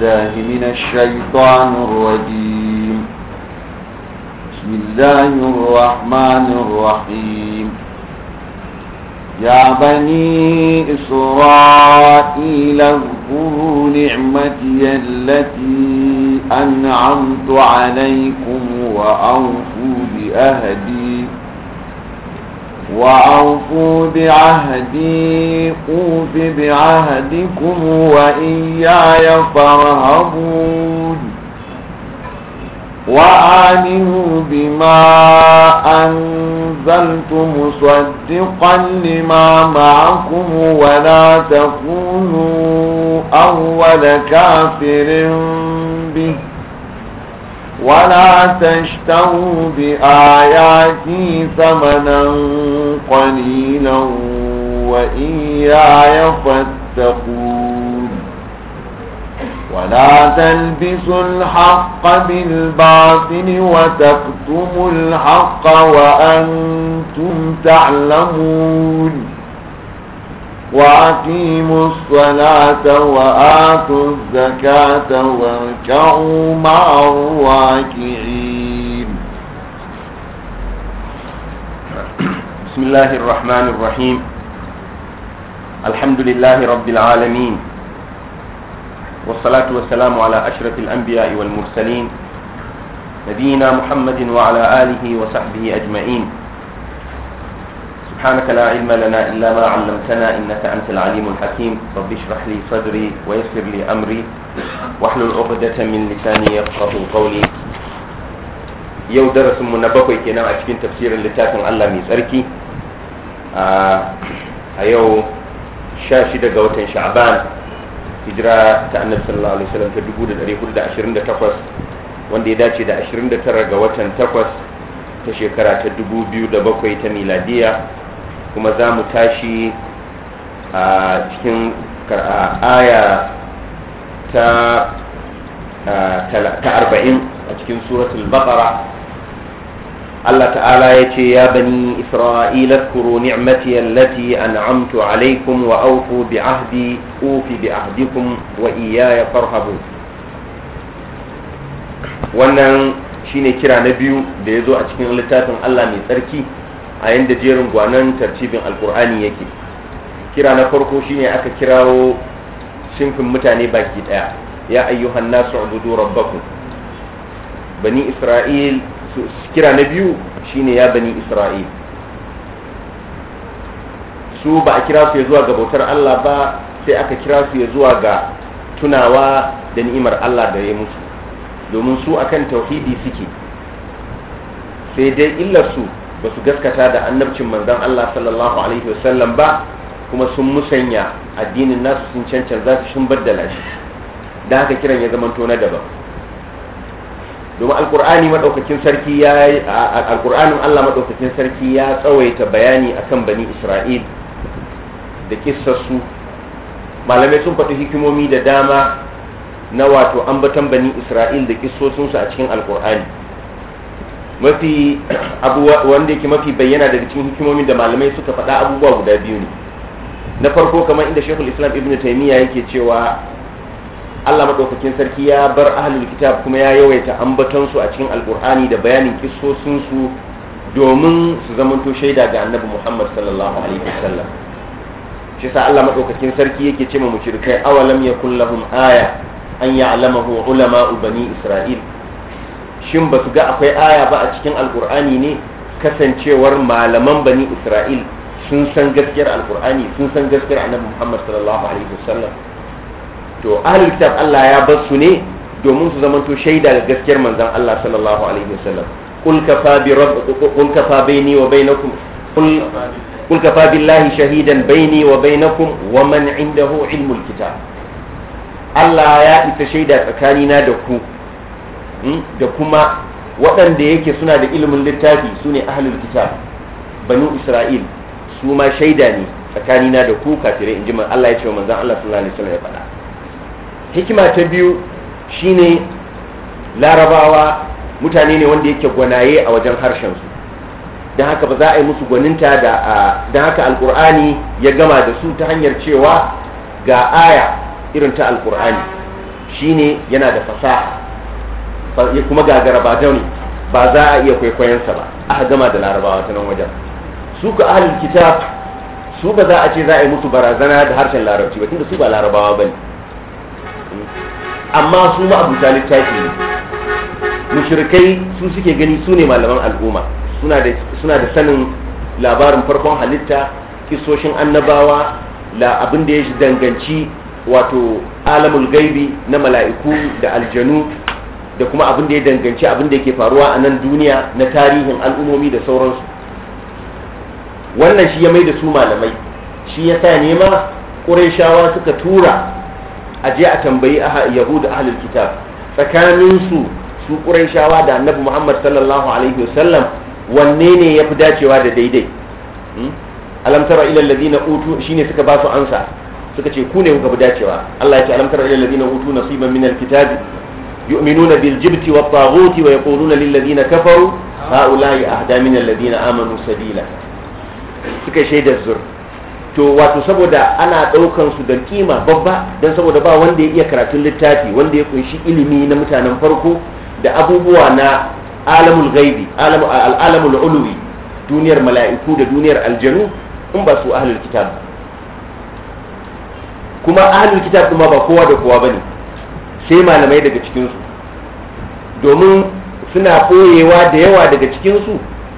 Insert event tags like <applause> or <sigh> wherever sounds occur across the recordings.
بالله من الشيطان الرجيم بسم الله الرحمن الرحيم يا بني إسرائيل اذكروا نعمتي التي أنعمت عليكم وأوفوا بأهدي وأوفوا بعهدي أوف بعهدكم وإياي فارهبون وآمنوا بما أنزلت مصدقا لما معكم ولا تكونوا أول كافر به ولا تشتروا بآياتي ثمنا قليلا وإياي فاتقون ولا تلبسوا الحق بالباطل وتكتموا الحق وأنتم تعلمون وأقيموا الصلاة وآتوا الزكاة واركعوا مع الراكعين بسم الله الرحمن الرحيم الحمد لله رب العالمين والصلاة والسلام على أشرف الأنبياء والمرسلين نبينا محمد وعلى آله وصحبه أجمعين سبحانك لا علم لنا إلا ما علمتنا إنك أنت العليم الحكيم رب اشرح لي صدري ويسر لي أمري واحلل عقدة من لساني يفقه قولي يو درس من نبقي كنا أتكين تفسير لتاك الله ميزاركي آه أيو شاشدة قوتا شعبان هجرة تأنب صلى الله عليه وسلم تدبود الأريخود دا عشرين دا تقوس وندي داتي دا عشرين دا ترى قوتا تقوس تشيكرا تدبود بيو دا بقوي تميلادية kuma za mu tashi a cikin aya ta arba'in a cikin suratul baqara Allah ta'ala ya ce ya bani isra'ila kuro ni'mati allati an'amtu alaikum wa aufu bi ahdi ufi bi ahdikum wa iyaya farhabu wannan shine kira na biyu da ya a cikin littafin Allah mai tsarki a yadda jerin gwanon tartibin alkur'ani yake kira na farko shine aka kirawo shimfin mutane baki daya ya ayyuhan nasu abubuwa rabbakum bani isra'il kira na biyu shine ya bani isra'il su ba a kira su ya zuwa ga bautar Allah ba sai aka kira su ya zuwa ga tunawa da ni'imar Allah da ya mutu domin su akan tauhidi suke sai dai illar su ba su gaskata da annabcin manzon Allah sallallahu alaihi wasallam ba kuma sun musanya addinin nasu sun za su sun baddala shi da haka kiran ya zamanto na daban domin alkur'ani alkur'anin Allah maɗaukakin sarki ya tsawaita bayani akan bani Isra'il da kissarsu malamai sun faɗi hikimomi da dama na wato ambatan bani Isra'il da kissosinsu a cikin alkur'ani mafi wanda yake mafi bayyana daga cikin hikimomin da malamai suka faɗa abubuwa guda biyu ne na farko kamar inda shekul islam ibn taimiyya yake cewa allah maɗaukakin sarki ya bar ahalul kitab kuma ya yawaita ambatonsu a cikin alkur'ani da bayanin kisosinsu domin su zamanto shaida ga annabi muhammad sallallahu alaihi wasallam shi sa allah maɗaukakin sarki yake ce ma mushrikai awalam yakun lahum aya an ya'lamahu ulama bani isra'il shin ba su ga akwai aya ba a cikin alkur'ani ne kasancewar malaman bani isra'il sun san gaskiyar alkur'ani sun san gaskiyar annabi muhammad sallallahu alaihi wasallam to ahlul kitab Allah ya bar su ne domin su zamanto shaida ga gaskiyar manzon Allah sallallahu alaihi wasallam qul kafa bi rabbikum qul kafa baini wa bainakum qul قل كفى بالله شهيدا بيني وبينكم ومن عنده علم الكتاب Allah ya isa shaida tsakanina da ku da kuma waɗanda yake suna da ilimin littafi su ne ahalin kitab banu isra'il su ma shaida ne tsakanina da ku kafirai in ji Allah ya ce wa manzan Allah sun lalace ya faɗa hikima ta biyu shine larabawa mutane ne wanda yake gwanaye a wajen harshen su don haka ba za a yi musu gwaninta da don haka alkur'ani ya gama da su ta hanyar cewa ga aya irin ta alkur'ani shine yana da fasaha kuma gagara ba ne ba za a iya kwaikwayonsa ba aka gama da larabawa ta nan wajen su ka ahalin kitab su ba za a ce za a yi musu barazana da harshen larabci ba tunda su ba larabawa ba ne amma su ma abuta littafi ne mushrikai su suke gani su ne malaman al'umma suna da suna da sanin labarin farkon halitta kisoshin annabawa la abin da ya danganci wato alamul gaibi na mala'iku da aljanu da kuma abin da ya danganci abin da yake faruwa a nan duniya na tarihin al'ummomi da sauransu wannan shi ya mai da su malamai shi ya sa nema ƙurayshawa suka tura a je a tambayi yahudu ahlul kitab tsakaninsu su ƙurayshawa da annabi muhammad sallallahu alaihi wasallam wanne ne ya fi dacewa da daidai hmm? alam tara ila alladhina utu shine suka ba su ansa suka ce ku ne kuka fi dacewa Allah ya ce alam tara ila alladhina utu nasiban min alkitab يؤمنون بالجبت والطاغوت ويقولون للذين كفروا هؤلاء أهدى من الذين آمنوا سبيلا suka shaida zur to wato saboda ana daukan su da kima babba don saboda ba wanda ya iya karatun littafi wanda ya kunshi ilimi na mutanen farko da abubuwa na alamul ghaibi alamul ulwi duniyar mala'iku da duniyar aljanu in ba su ahlul kitab kuma ahlul kitab kuma ba kowa da kowa bane sai malamai daga cikinsu domin suna koyewa da yawa daga cikinsu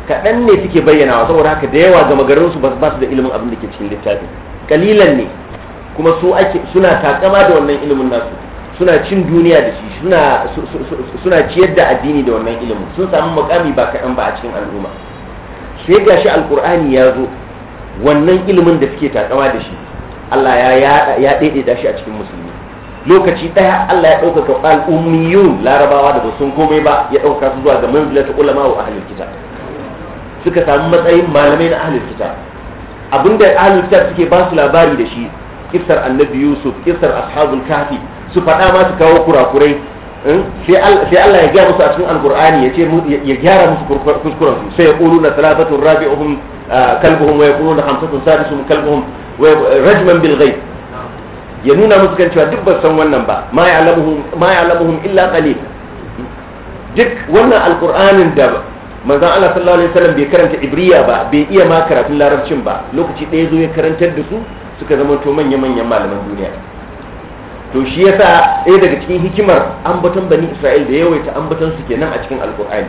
kaɗan ne suke bayyanawa saboda haka da yawa gama garinsu ba su da ilimin abin da ke cikin littafi kalilan ne kuma su ake suna takama da wannan ilimin nasu suna cin duniya da shi suna ciyar da addini da wannan ilimin sun samu mukami ba kaɗan ba a cikin al'umma sai ga shi alkur'ani ya zo wannan ilimin da suke takama da shi Allah ya ya daidaita shi a cikin musulmi lokaci daya Allah ya ɗaukaka al'ummiyun larabawa da sun komai ba ya ɗaukaka su zuwa ga ta ulama wa ahlul kitab suka samu matsayin malamai na ahlul kitab abinda ahlul kitab suke ba su labari da shi kisar annabi yusuf kisar ashabul kafi su faɗa ma su kawo kurakurai hmm? sai Allah ya gaya musu a cikin alkur'ani ya ce ya gyara musu kuskuren su sai ya na thalathatun rabi'uhum ah, kalbuhum wa yaquluna khamsatun sadisuhum kalbuhum wa rajman bil ghaib ya nuna musu kan cewa duk basan san wannan ba ma ya ya'lamuhum illa kali duk wannan alkur'anin da manzan Allah sallallahu alaihi wasallam bai karanta ibriya ba bai iya ma karatun larabcin ba lokaci ɗaya zo ya karantar da su suka zama to manya manyan malaman duniya to shi yasa ɗaya daga cikin hikimar ambaton bani Isra'il da yawaita ambaton su kenan a cikin alkur'ani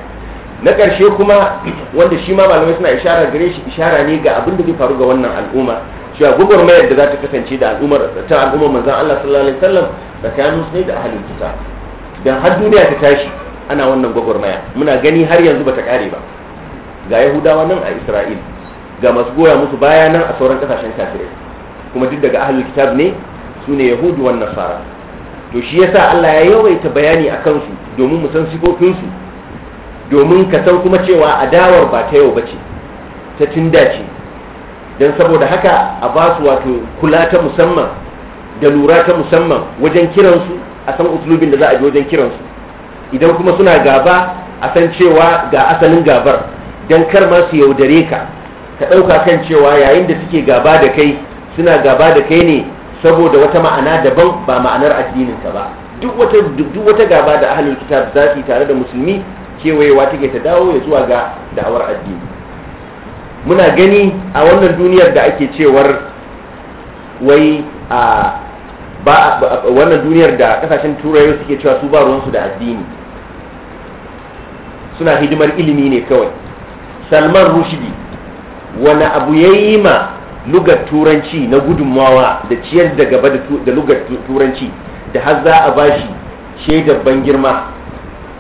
na ƙarshe kuma wanda shi ma malamai suna ishara gare shi ishara ne ga abin da zai faru ga wannan al'umma cewa gwagwarmayar da za ta kasance da al'ummar ta al'ummar manzan Allah sallallahu alaihi wasallam da su ne da ahalin kitab dan har duniya ta tashi ana wannan gwagwarmaya muna gani har yanzu bata kare ba ga yahudawa nan a isra'il ga masu goya musu baya nan a sauran kasashen kafirai kuma duk daga ahalin kitab ne su ne yahudu wannan nasara to shi yasa Allah ya yawaita bayani a kansu domin mu san sifofinsu domin ka san kuma cewa adawar ba ta yau bace ta tunda ce don saboda haka a ba su wato kula ta musamman da lura ta musamman wajen kiransu a san uslubin da za a bi wajen kiransu idan kuma suna gaba a san cewa ga asalin gabar don kar ma su yaudare ka ka ɗauka kan cewa yayin da suke gaba da kai suna gaba da kai ne saboda wata ma'ana daban ba ma'anar addininka ba duk wata duk wata gaba da ahlul kitab za su tare da musulmi kewayewa take ta dawo ya zuwa ga da'awar addini muna gani a wannan duniyar da ake cewar wai a ba wannan duniyar da kasashen turai suke cewa su ba ruwansu da addini suna hidimar ilimi ne kawai salman rushdi wani abu ya yi ma lugar turanci na gudunmawa da ciyar da gaba da lugar turanci da har za a bashi shaidar ban girma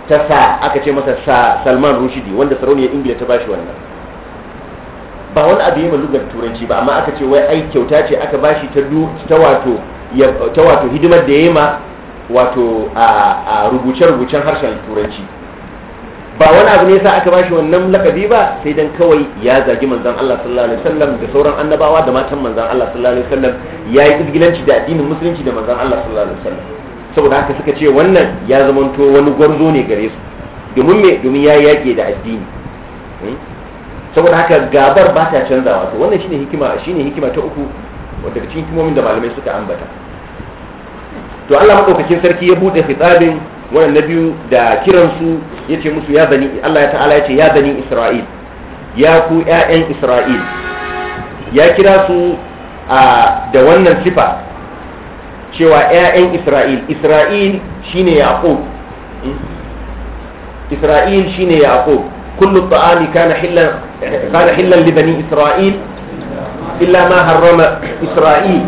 ta sa aka ce masa salman rushdi wanda sarauniyar ingila ta bashi wannan ba wani abu yi malugar turanci ba amma aka ce wai ai kyauta ce aka bashi ta ta wato ta wato hidimar da yi ma wato a rubuce-rubucen harshen turanci ba wani abu ne sa aka bashi wannan lakabi ba sai dan kawai ya zagi manzon Allah sallallahu alaihi wasallam da sauran annabawa da matan manzon Allah sallallahu alaihi wasallam ya yi izgilanci da addinin musulunci da manzon Allah sallallahu alaihi wasallam saboda haka suka ce wannan ya zamanto wani gwarzo ne gare su domin me domin ya yake da addini hmm? saboda haka gabar ba ta canzawa to wannan shine hikima shine hikima ta uku wanda cikin hikimomin da malamai suka ambata to Allah madaukakin sarki ya bude fitabin wannan nabiyu biyu da kiran su yace musu ya bani Allah ya ta'ala yace ya bani Isra'il ya ku ƴaƴan Isra'il ya kira su da wannan sifa cewa ƴaƴan Isra'il Isra'il shine Yaqub hmm? Isra'il shine Yaqub كل الطعام كان حلا كان حلا لبني إسرائيل إلا ما حرم إسرائيل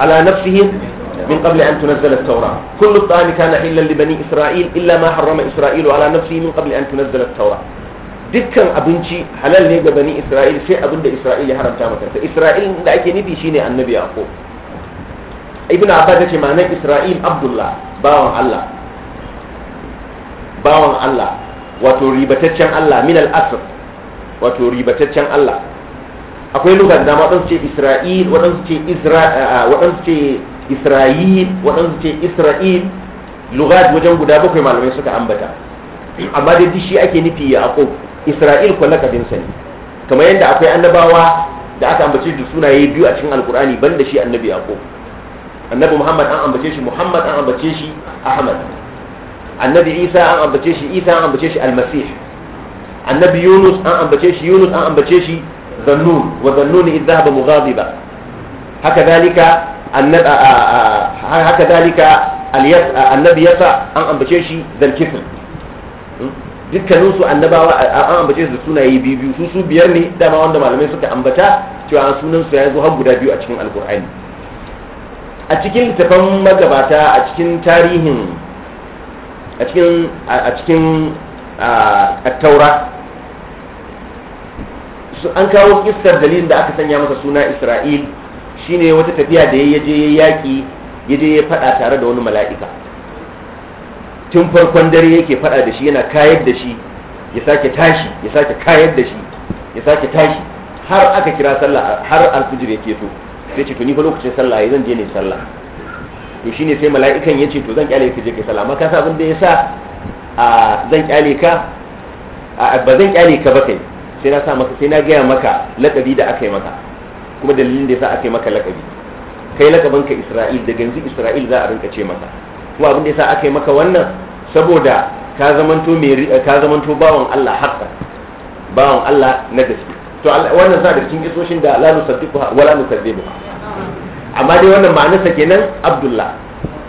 على نفسهم من قبل أن تنزل التوراة كل الطعام كان حلا لبني إسرائيل إلا ما حرم إسرائيل على نفسه من قبل أن تنزل التوراة dukkan abinci halal ne ga bani Isra'il sai abin da Isra'il ya haramta maka ta Isra'il da ake nufi shine annabi Yaqub Ibn Abbas ce ma'anar Isra'il Abdullah bawan Allah bawan Allah wato ribataccen Allah min al-asr wato ribataccen Allah akwai lugar da waɗansu ce Isra'il waɗansu ce waɗansu ce Isra'il waɗansu ce Isra'il lugat wajen guda bakwai malamai suka ambata amma dai shi ake nufi ya ako Isra'il ko lakabin sa ne kamar yadda akwai annabawa da aka ambace da sunaye biyu a cikin alkur'ani banda shi annabi yaqub annabi muhammad an ambace shi muhammad an ambace shi ahmad annabi isa an ambace shi isa an ambace shi almasih annabi yunus an ambace shi yunus an ambace shi zannun wa zannun idh dhahaba mughadiba haka dalika haka dalika annabi yasa an ambace shi zalkifin hmm? dukkanin su annabawa an ambace su sunaye biyu biyu su su biyar ne dama wanda malamai suka ambata cewa sunan su ya zo har guda biyu a cikin alkur'ani a cikin littafan magabata a cikin tarihin a cikin a taura an kawo iskar dalilin da aka sanya masa suna isra'il shine wata tafiya da ya je ya yaƙi ya je ya faɗa tare da wani mala'ika tun farkon dare yake faɗa da shi yana kayar da shi ya sake tashi ya sake kayar da shi ya sake tashi har aka kira sallah har alfijir ya keto sai ce to ni fa lokacin sallah zan je ne sallah to shine sai mala'ikan ya ce to zan kyale ka je kai salama ka sa abin da sa a zan kyale ka ba zan kyale ka ba kai sai na sa maka sai na gaya maka lakabi da aka yi maka kuma dalilin da ya sa aka yi maka lakabi kai lakabin ka Isra'il da ganzu Isra'il za a rinka ce maka kuma abin da ya sa aka yi maka wannan saboda ka zamanto mai ka zamanto bawan Allah haƙa bawan Allah na gaske to wannan sa da cikin kisoshin da la nusaddiquha wala nukazzibuha amma dai wannan ma'anarsa kenan abdullah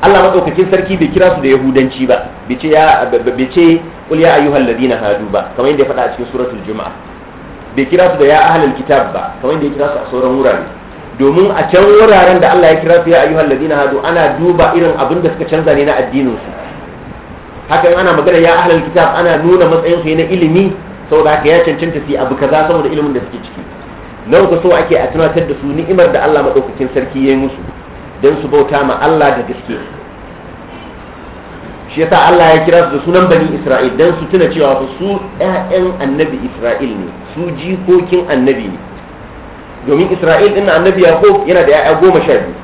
Allah madaukakin sarki bai kira su da yahudanci ba bai ce ya bai ce qul ya ayyuhal ladina hadu ba kamar yadda ya faɗa a cikin suratul juma'a bai kira su da ya ahlul kitab ba kamar yadda ya kira su a sauran wurare domin a can wuraren da Allah ya kira su ya ayyuhal ladina hadu ana duba irin abin da suka canza ne na addinin su haka ana magana ya ahlul kitab ana nuna matsayin su na ilimi saboda haka ya cancanta su abu kaza saboda ilimin da suke ciki na uku so ake a tunatar da su ni'imar da Allah maɗaukakin sarki ya yi musu don su bauta ma Allah da gaske shi yasa Allah ya kira su da sunan bani Isra'il don su tuna cewa su yayan annabi Isra'il ne su jikokin annabi ne domin Isra'il din annabi Yaqub yana da yaya goma sha biyu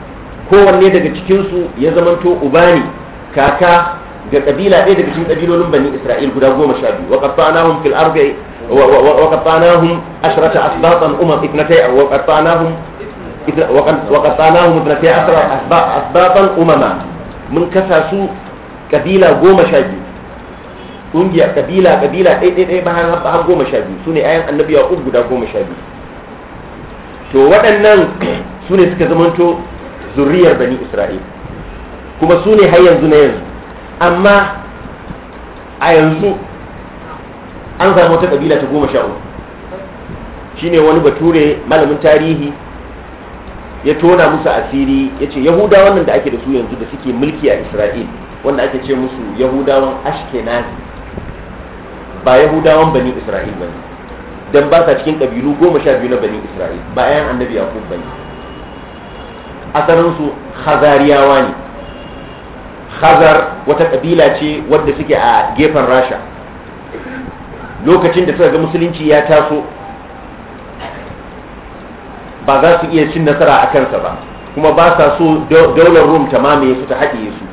kowanne daga cikinsu ya zamanto uba ne kaka ga kabila ɗaya daga cikin kabilolin bani Isra'il guda goma sha biyu wa qatta'nahum fil ardi وقطعناهم عشرة أسباطا أمم اثنتي وقطعناهم وقطعناهم اثنتي عشرة أسباطا أمما من كساسو قبيلة قوم شاجي kungiya kabila kabila ɗaya ɗaya ɗaya bayan har goma sha biyu su ne ayan annabi ya guda goma sha biyu to waɗannan su ne suka zamanto zuriyar bani isra'il kuma su ne har yanzu na yanzu amma a yanzu an zama wata kabila ta goma sha uku shine wani bature malamin tarihi ya tona musu asiri ya ce yahudawan nan da ake da su yanzu da suke mulki a isra'il wanda ake ce musu yahudawan ashkenazi ba yahudawan bani isra'il ba ne don ba sa cikin ƙabilu goma sha biyu na bani isra'il ba yan annabi yakub ba ne asalinsu hazariyawa ne hazar wata ƙabila ce wadda suke a gefen rasha lokacin da suka ga musulunci ya taso ba za su iya cin nasara a kansa ba kuma ba sa so daular rum ta mamaye su ta haɗe su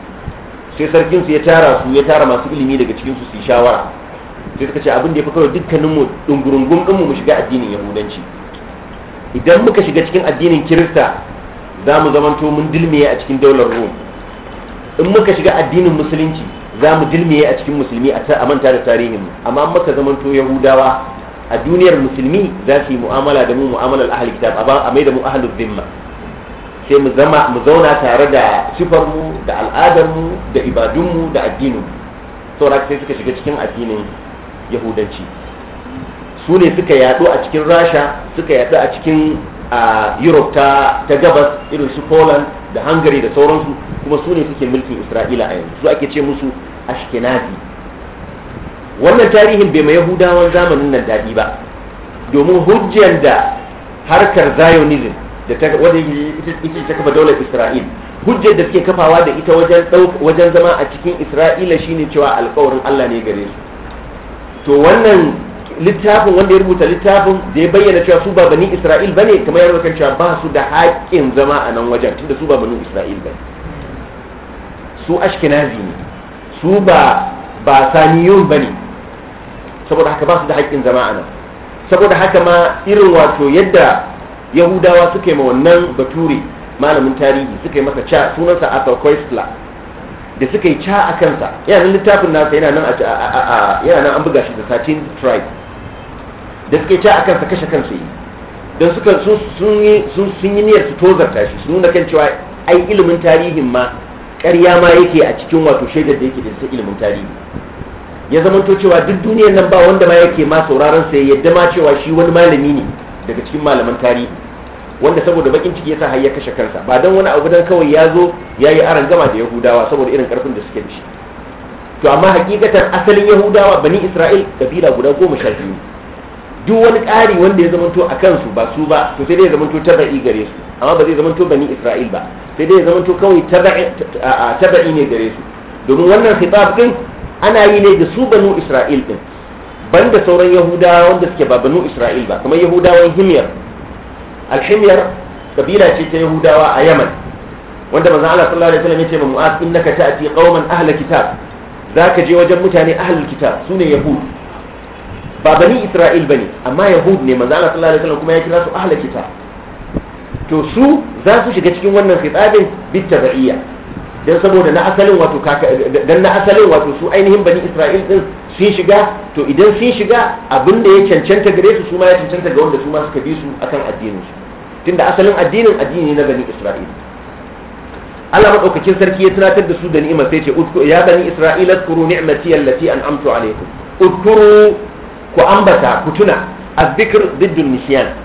sai sarkinsu ya tara su ya tara masu ilimi daga cikinsu su yi shawara sai suka ce abin da ya fi kawai dukkaninmu ɗungurungun ɗinmu mu shiga addinin yahudanci idan muka shiga cikin addinin kirista za mu zamanto mun dilmiye a cikin daular rum in muka shiga addinin musulunci za mu jirmiye a cikin musulmi a manta da tarihin mu amma an maka zamanto yahudawa a duniyar musulmi za su yi mu'amala da mu mu'amalar ahli kitab a mai da mu ahlul zimma sai mu zama mu zauna tare da sifar mu da al'adar mu da ibadun mu da addinin mu saboda sai suka shiga cikin addinin yahudanci su ne suka yadu a cikin rasha suka yadu a cikin a europe ta gabas irin su poland da hangare da sauransu kuma su ne suke mulkin isra'ila a yanzu su ake ce musu ashkenazi wannan tarihin bai ma yahudawan zamanin nan daɗi ba domin hujjar da harkar zionism da wadda ita ta kafa daular isra'il hujjar da suke kafawa da ita wajen zama a cikin isra'ila shine cewa alkawarin allah ne gare su to wannan littafin wanda ya rubuta littafin da ya bayyana cewa su ba isra'il bane kamar ya rubuta cewa ba su da haƙƙin zama a nan wajen tunda su ba isra'il bane su ashkenazi ne su ba ba saniyon bane saboda haka ba su da haƙƙin zama a nan saboda haka ma irin wato yadda yahudawa suka yi ma wannan bature malamin tarihi suka yi masa ca sunansa arthur koistla da suka yi ca a kansa yana nan littafin nasa yana nan an buga shi da 13 tribe da suke ta akan sa kashe kansu yi don suka sun yi sun yi niyyar su tozarta shi su nuna kan cewa ai ilimin tarihin ma ƙarya ma yake a cikin wato shaidar da yake da su ilimin tarihi ya zama to cewa duk duniyar nan ba wanda ma yake ma sauraron sa yadda ma cewa shi wani malami ne daga cikin malaman tarihi wanda saboda bakin ciki yasa har ya kashe kansa ba dan wani abu dan kawai ya zo ya yi aran gama da yahudawa saboda irin karfin da suke da shi to amma hakikatan asalin yahudawa bani isra'il kabila guda goma sha biyu duk wani ƙari wanda ya zamanto a kansu ba su ba to sai dai ya zamanto taba'i gare su amma ba zai zamanto bani isra'il ba sai dai ya zamanto kawai taba'i ne gare su domin wannan khitab din ana yi ne da su banu isra'il din banda sauran yahudawa wanda suke ba banu isra'il ba kamar yahudawan himyar alhimyar kabila ce ta yahudawa a yaman wanda manzon Allah sallallahu alaihi wasallam yace ce ma mu'az innaka ta'ti qauman ahla kitab zaka je wajen mutane ahlul kitab sune yahudu. ba bani isra'il ne amma yahud ne manzo Allah sallallahu alaihi wasallam kuma ya kira su ahlul kitab to su za su shiga cikin wannan fitsabin bitabaiya dan saboda na asalin wato kaka dan na asalin wato su ainihin bani isra'il din sun shiga to idan sun shiga abin da ya cancanta gare su su ma ya cancanta ga wanda su ma suka bi su akan addinin su tunda asalin addinin addini na bani isra'il Allah madaukakin sarki ya tunatar da su da ni'ima sai ce ya bani isra'ila kuru ni'mati allati an'amtu alaikum udkuru ku ambata ku tuna azzikr diddun nisyan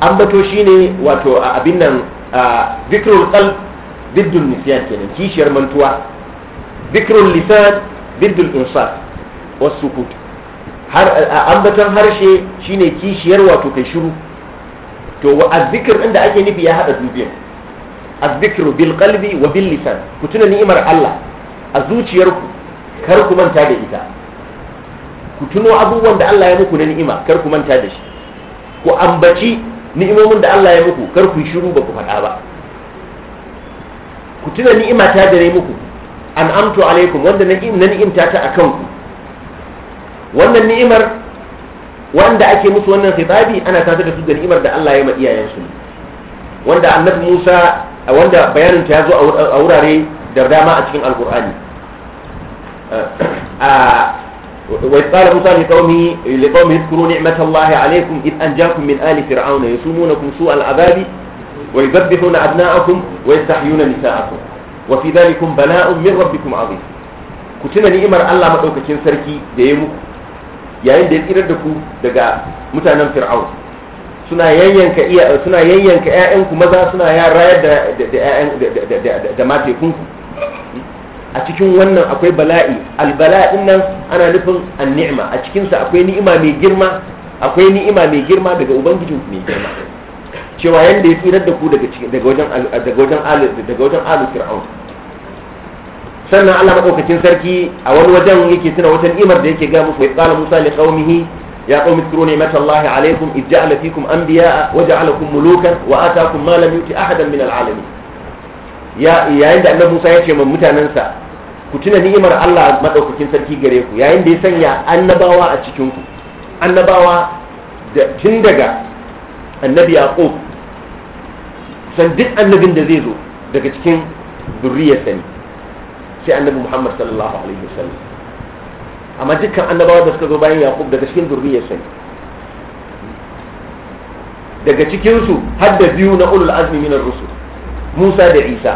ambato shine wato abin nan zikrul qalb diddun nisyan nan kishiyar mantuwa zikrul lisan diddul insaf wasukut har ambatan harshe shine kishiyar wato kai shiru to azzikr inda ake nufi ya hada dubiyan azzikru bil qalbi wa bil lisan ku tuna ni'imar Allah a zuciyarku kar ku manta da ita ku tuno abubuwan da Allah ya muku na ni'ima kar ku manta da shi ku ambaci ni'imomin da Allah ya muku kar ku shiru ba ku faɗa ba ku tuna ni'ima ta dare muku an'amtu alaikum wanda na ni'imta ta akan ku wannan ni'imar wanda ake musu wannan khitabi ana tafi da su da ni'imar da Allah ya ma iyayensu wanda annabi Musa wanda bayanin ta yazo a wurare da dama a cikin alkur'ani eh, وإذ موسى لقومه لقومه اذكروا نعمة الله عليكم إذ أنجاكم من آل فرعون يسومونكم سوء العذاب ويذبحون أبناءكم ويستحيون نساءكم وفي ذلك بلاء من ربكم عظيم كتنا نعمة الله مدوكتين سركي ديمو yayin da ya tsirar da ku daga mutanen fir'aun suna yayyanka iya suna yayyanka ƴaƴanku maza suna rayar da da da da matekunku a cikin wannan akwai bala'i albala'in nan ana nufin an a cikin sa akwai ni'ima mai girma akwai ni'ima mai girma daga ubangiji mai girma cewa yanda ya tsirar da ku daga cikin daga wajen daga wajen alu daga wajen alu fir'aun sannan Allah madaukakin sarki a wani wajen yake tuna wata ni'imar da yake ga muku ya qala Musa li qaumihi ya qaumi turu mata Allah alaikum ij'ala fikum anbiya wa ja'alakum mulukan wa ataakum ma lam yuti ahadan min al'alamin ya yayin da annabi Musa ya ce ma mutanansa ku tuna ni'imar Allah maɗaukakin sarki gare ku yayin da ya sanya annabawa a cikin ku annabawa da tun daga annabi yaqub san duk annabin da zai zo daga cikin zuriyar sani sai annabi Muhammad sallallahu alaihi wasallam amma dukkan annabawa da suka zo bayan yaqub daga cikin zuriyar sani daga cikinsu har da biyu na ulul azmi minar rusul Musa da Isa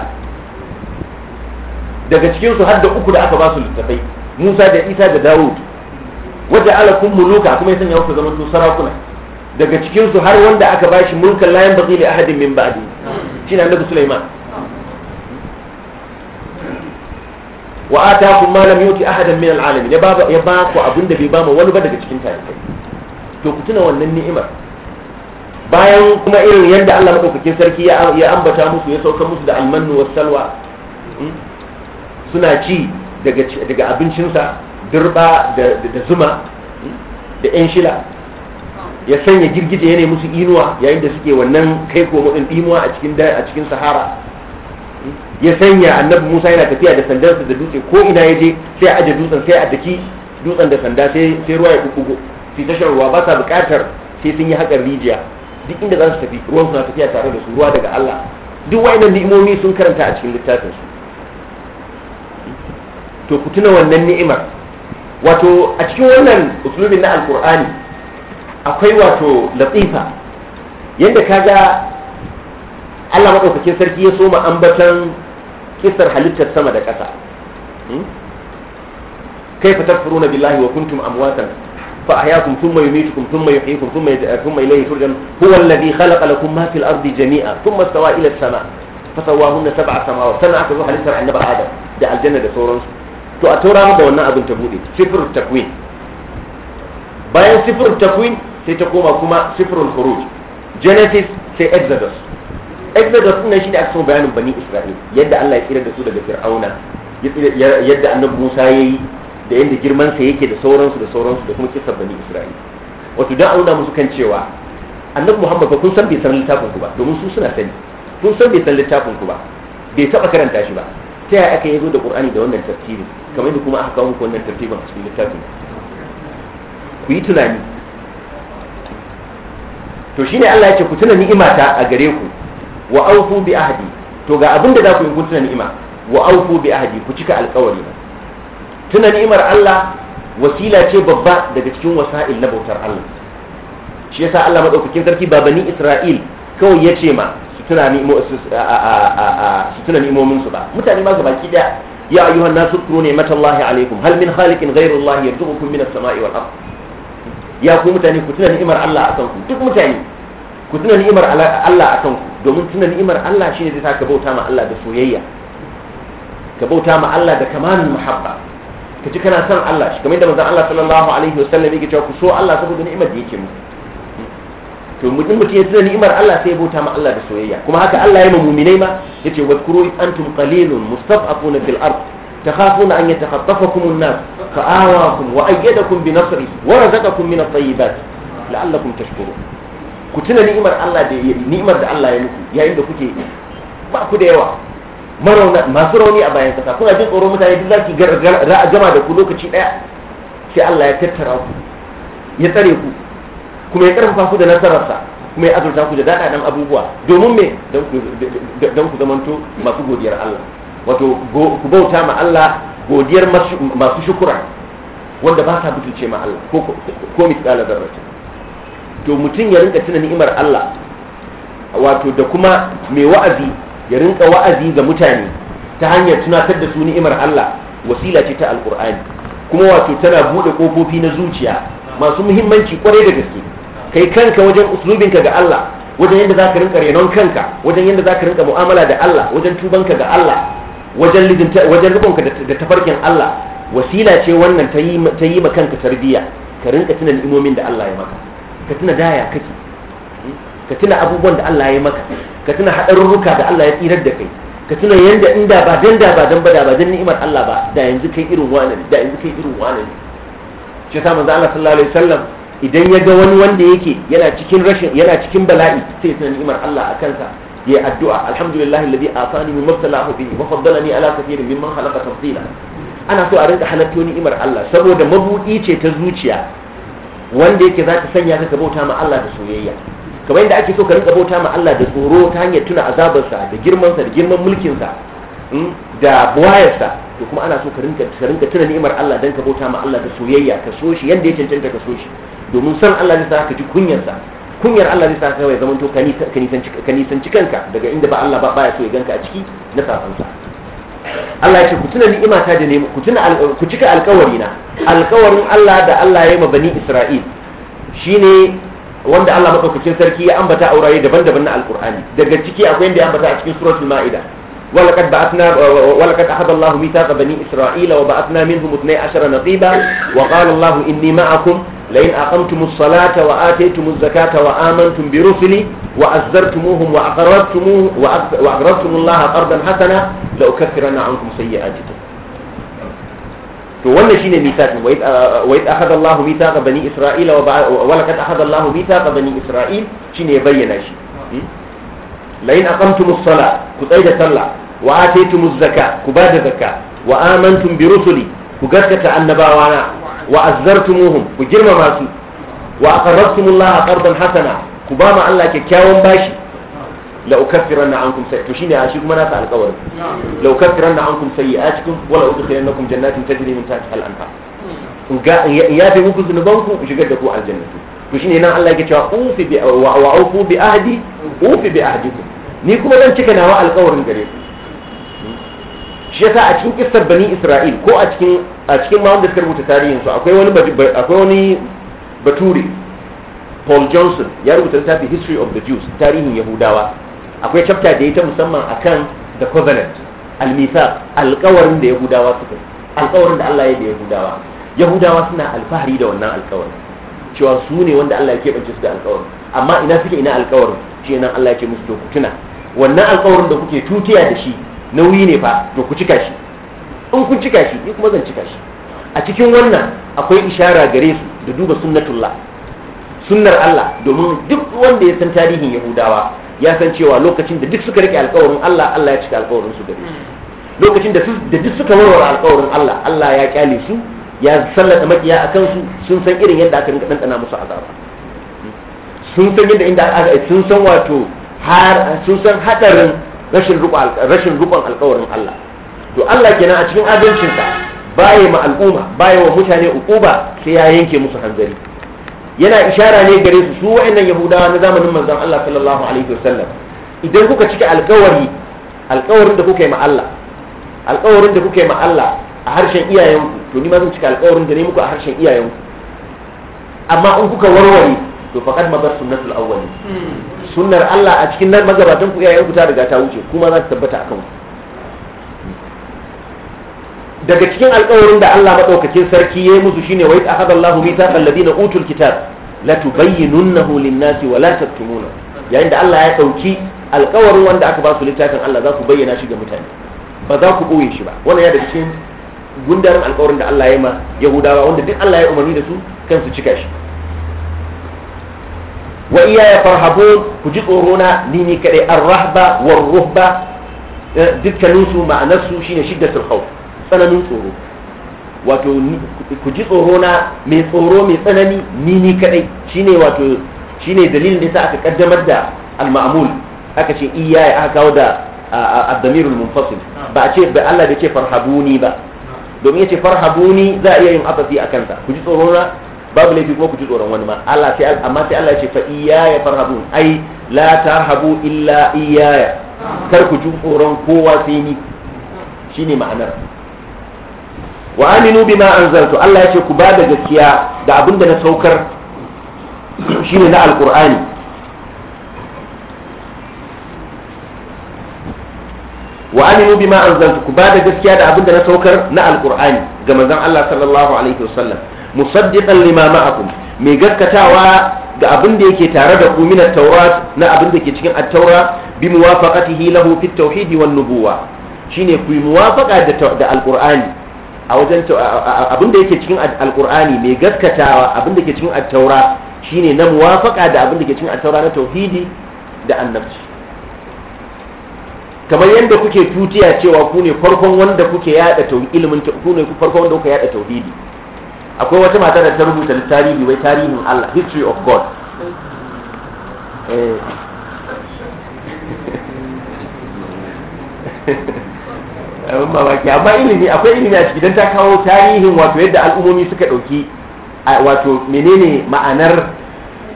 daga cikin su har da uku da aka ba su littafai Musa da Isa da Dawud wajen alakun muluka kuma ya sanya ku zama su sarakuna daga cikin su har wanda aka ba shi mulkan layan baki da ahadin min ba'di na annabi Sulaiman wa atakum ma lam yuti ahadan min al'alamin ya ba ya ba ku abin da bai ba mu wani ba daga cikin tarihi to ku tuna wannan ni'imar bayan kuma irin yadda Allah madaukakin sarki ya ambata musu ya sauka musu da almannu was salwa hmm? suna ci daga abincinsa dirba da zuma hmm, da 'yan shila ya sanya girgije yanayi musu inuwa yayin da suke wannan kai ko din dimuwa a cikin a cikin sahara hmm, ya sanya annabi Musa yana tafiya da sandarsa da dutse ko ina ya je sai a aje dutsen sai a daki dutsen da sanda sai ruwa ya kukugo sai tashar ruwa ba sa bukatar sai sun yi haƙar rijiya duk inda za su tafi ruwan suna tafiya tare da su ruwa daga Allah duk wayannan ni'imomi sun karanta a cikin littafinsu to ku tuna wannan ni'imar wato a cikin wannan usulubin na alkur'ani akwai wato latifa yadda kaga Allah madaukakin sarki ya soma ambatan kisar halittar sama da ƙasa kai fa tafuruna billahi wa kuntum amwatan fa ahyakum thumma yumitukum thumma yuhyikum thumma thumma ilayhi turjan huwa alladhi khalaqa lakum ma fil ardi jami'a thumma stawa ila as-sama' fasawahunna sab'a samawat sana aka zo halittar annabi adam da aljanna da sauransu to a taura maka wannan abin ta bude Sifirin takwin bayan sifirin takwin sai ta koma kuma sifirin khuruj genesis sai exodus exodus ɗin shi ne aka so bayanin bani isra'il yadda Allah ya tsira da su daga fir'auna yadda annabi Musa ya yi da yadda girman sa yake da sauransu da sauransu da kuma kisar bani isra'il wato da auna musu kan cewa annabi Muhammad ba kun san bai san littafin ku ba domin su suna sani kun san bai san littafin ku ba bai taba karanta shi ba ta yaya aka yi da qur'ani da wannan tafsirin kamar yadda kuma aka kawo muku wannan tafsirin a cikin littafin ku yi tunani to shine Allah ya ce ku tuna ni'imata a gare ku wa aufu bi ahdi to ga abin da za ku yi ku tuna ni'ima wa aufu bi ahdi ku cika alƙawari tuna ni'imar Allah wasila ce babba daga cikin wasa'il na bautar Allah shi yasa Allah madaukakin sarki babani Isra'il kawai ya ce ma sutura ni'imominsu ba mutane ba su baki ya ayyuhan nasu kuru ne matallahi alaikum hal min khaliqin ghairullahi yarzuqukum min as-sama'i wal ard ya ku mutane ku tuna ni'imar Allah a kanku duk mutane ku tuna ni'imar Allah a kanku domin tuna ni'imar Allah shine zai saka bauta ma Allah da soyayya ka bauta ma Allah da kamalin muhabba ka ji kana son Allah shi kamar yadda manzon Allah sallallahu alaihi wasallam yake cewa ku so Allah saboda ni'imar da yake muku to mutum mutum ya tuna ni'imar Allah sai ya bauta ma Allah da soyayya kuma haka Allah ya mu'minai ma yace wadkuru id antum qalilun mustad'afuna fil ard takhafuna an yatakhatafakum an-nas fa'awakum wa ayyadakum bi nasrihi wa razaqakum min at-tayyibat la'allakum tashkurun ku tuna ni'imar Allah da ni'imar da Allah ya muku yayin da kuke ba ku da yawa marauna masu rauni a bayan kasa kuna jin tsoro mutane duk zaki jama da ku lokaci daya sai Allah ya tattara ku ya tsare ku kuma ya karfafa ku da nasararsa kuma ya azurta ku da daɗaɗen abubuwa domin me don ku zamanto masu godiyar Allah wato ku bauta ma Allah godiyar masu shukura wanda ba sa butulce ma Allah ko misƙala zarrace to mutum ya rinka tuna ni'imar Allah wato da kuma mai wa'azi ya rinka wa'azi ga mutane ta hanyar tunatar da su ni'imar Allah wasila ce ta alkur'ani kuma wato tana buɗe kofofi na zuciya masu muhimmanci kwarai da gaske kai kanka wajen uslubinka ga Allah wajen yadda za ka rinka renon kanka wajen yadda za ka rinka mu'amala da Allah wajen tubanka ga Allah wajen wajen rubonka da tafarkin Allah wasila ce wannan ta yi ta yi maka kanka tarbiya ka rinka tuna ni'imomin da Allah ya maka ka tuna daya kake ka tuna abubuwan da Allah ya maka ka tuna hadarurruka da Allah ya tsirar da kai ka tuna yanda inda ba dan da ba dan ba da ba dan ni'imar Allah ba da yanzu kai irin wani da yanzu kai irin wani ne shi manzo Allah sallallahu alaihi wasallam idan ya ga wani wanda yake yana cikin rashin yana cikin bala'i sai ya ni'imar Allah a kansa ya addu'a alhamdulillah alladhi asani min mabtalahu bihi wa faddalani ala kathirin mimman khalaqa tafdila ana so a rinka halatto ni'imar Allah saboda mabudi ce ta zuciya wanda yake za ta sanya ka bauta ma Allah da soyayya kamar yadda ake so ka rinka bauta ma Allah da tsoro ta hanyar tuna azabarsa da girmansa da girman mulkinsa hmm, da buwayarsa to kuma ana so ka rinka tuna ni'imar Allah don ka bauta ma Allah da soyayya ka so shi yadda ya cancanta ka so shi domin san Allah ne sa ka ji kunyarsa kunyar Allah ne sa ka ya zamanto ka nisanci kanka daga inda ba Allah ba baya so ya ganka a ciki na safansa Allah ya ce ku tuna ni'imata ta da ne ku tuna ku cika alƙawari na alƙawarin Allah da Allah ya yi ma bani Isra'il shine wanda Allah madaukakin sarki ya ambata aure daban-daban na alƙur'ani daga ciki akwai inda ya ambata a cikin suratul ma'ida ولقد بعثنا ولقد أخذ الله ميثاق بني إسرائيل وبعثنا منهم اثني عشر نقيبا وقال الله إني معكم لئن أقمتم الصلاة وآتيتم الزكاة وآمنتم برسلي وأزرتموهم وأقرضتم وأقرضتم الله قرضا حسنا لأكفرن عنكم سيئاتكم to wannan ميثاق واذ اخذ الله ميثاق بني اسرائيل ولقد اخذ الله ميثاق بني اسرائيل mithaqa يبين شيء. لئن اقمتم الصلاه shi la wa ataytumuz zaka ku bada zakka wa amantum bi rusuli ku gaskata annabawana wa azzartumuhum ku girmama su wa aqarrabtumullaha qardan hasana ku ba ma Allah kyakkyawan bashi la ukaffiranna ankum sayyi to shine a shi kuma nasa alƙawarin la ukaffiranna ankum sayyi'atikum wa la udkhilannakum jannatin tajri min tahtiha al-anhar in ga ya bi muku zunubanku ku shigar da ku aljannatu to shine nan Allah yake cewa ufi bi wa ufu bi ahdi ufi bi ahdikum ni kuma zan cika nawa alƙawarin gare ku shi yasa a cikin kissar bani isra'il ko a cikin a cikin ma wanda suka rubuta tarihin su akwai wani akwai wani bature Paul Johnson ya rubuta littafi History of the Jews tarihin Yahudawa akwai chapter da ya ta musamman akan the covenant al-mithaq alƙawarin da Yahudawa suka alƙawarin da Allah ya da Yahudawa Yahudawa suna alfahari da wannan alƙawarin cewa su ne wanda Allah ya keɓance su da alƙawarin amma ina suke ina alƙawarin shi nan Allah ya ce musu to ku tuna wannan alƙawarin da kuke tutiya da shi nauyi ne fa to ku cika shi in kun cika shi ni kuma zan cika shi a cikin wannan akwai ishara gare su da duba sunnatullah sunnar Allah domin duk wanda ya san tarihin Yahudawa ya san cewa lokacin da duk suka rike alƙawarin Allah Allah ya cika alƙawarin su gare su lokacin da duk suka warware alƙawarin Allah Allah ya kyale su ya sallata makiya a kansu sun san irin yadda aka rinka ɗanɗana musu azaba sun san yadda inda sun san wato har sun san hadarin rashin rukun alkawarin Allah to Allah kenan a cikin adalcinsa baya ma al'umma baya wa mutane ukuba sai ya yanke musu hanzari yana ishara ne gare su su wa'annan yahudawa na zamanin manzon Allah sallallahu alaihi wasallam idan kuka cika alkawari alkawarin da kuka yi ma Allah alkawarin da kuka yi ma Allah a harshen iyayenku to ni ma zan cika alkawarin da ne muku a harshen iyayenku amma in kuka warware to faqad mabar sunan awwali hmm. sunnar Allah a cikin nan magabatan ku iyayen ku ta riga ta wuce kuma za ta tabbata akan ku daga cikin alƙawarin da Allah madaukakin sarki ya yayi musu shine wa akhadha Allahu mithaqal na utul kitab la tubayyinunnahu lin-nasi wa la taktumuna yayin da Allah ya ɗauki alƙawarin wanda aka ba su littafin Allah za ku bayyana shi ga mutane ba za ku boye shi ba wannan ya daga cikin gundarin alƙawarin da Allah ya ma Yahudawa wanda duk Allah ya umarni da su kan su cika shi wa iya ya farhabun ku ji tsorona ni ni kaɗai an rahba wa ruhba eh, dukkanin su ma'anar su shine shiddatul tsananin tsoro wato ku ji tsorona mai tsoro mai tsanani ni ni kaɗai shine wato shine dalilin da yasa aka kaddamar da al-ma'mul aka ce iyaya aka kawo da ad-damirul munfasil ba a ce ba Allah bai ce farhabuni ba domin yace farhabuni za a iya yin afafi akan ta ku ji tsorona babu laifi ko ku ji tsoron wani ma Allah sai amma sai Allah ya ce fa iyaya farhabun ai la tarhabu illa iyaya kar ku ji tsoron kowa sai ni shine ma'anar wa aminu bima anzaltu Allah ya ce ku ba da gaskiya da abin da na saukar shine na alqur'ani wa aminu bima anzaltu ku ba da gaskiya da abin da na saukar na alqur'ani ga manzon Allah sallallahu alaihi wasallam musaddiqan lima ma'akum mai gaskatawa ga abin da yake tare da ku min at-taurat na abin da ke cikin at-taura bi muwafaqatihi lahu fi at-tauhid wan nubuwa shine ku muwafaqa da da al-qur'ani a wajen abin da yake cikin al-qur'ani mai gaskatawa abin da ke cikin at-taura shine na muwafaqa da abin da ke cikin at-taura na tauhidi da annabci kamar yadda kuke tutiya cewa ku ne farkon wanda kuke yada ilimin ku ne farkon wanda kuke yada tauhidi akwai wata mata da ta rubuta tarihi wai tarihin Allah history of God eh. <laughs> amma ilimi akwai ilimi a ciki ta kawo tarihin wato yadda al'ummomi suka ɗauki wato menene ma'anar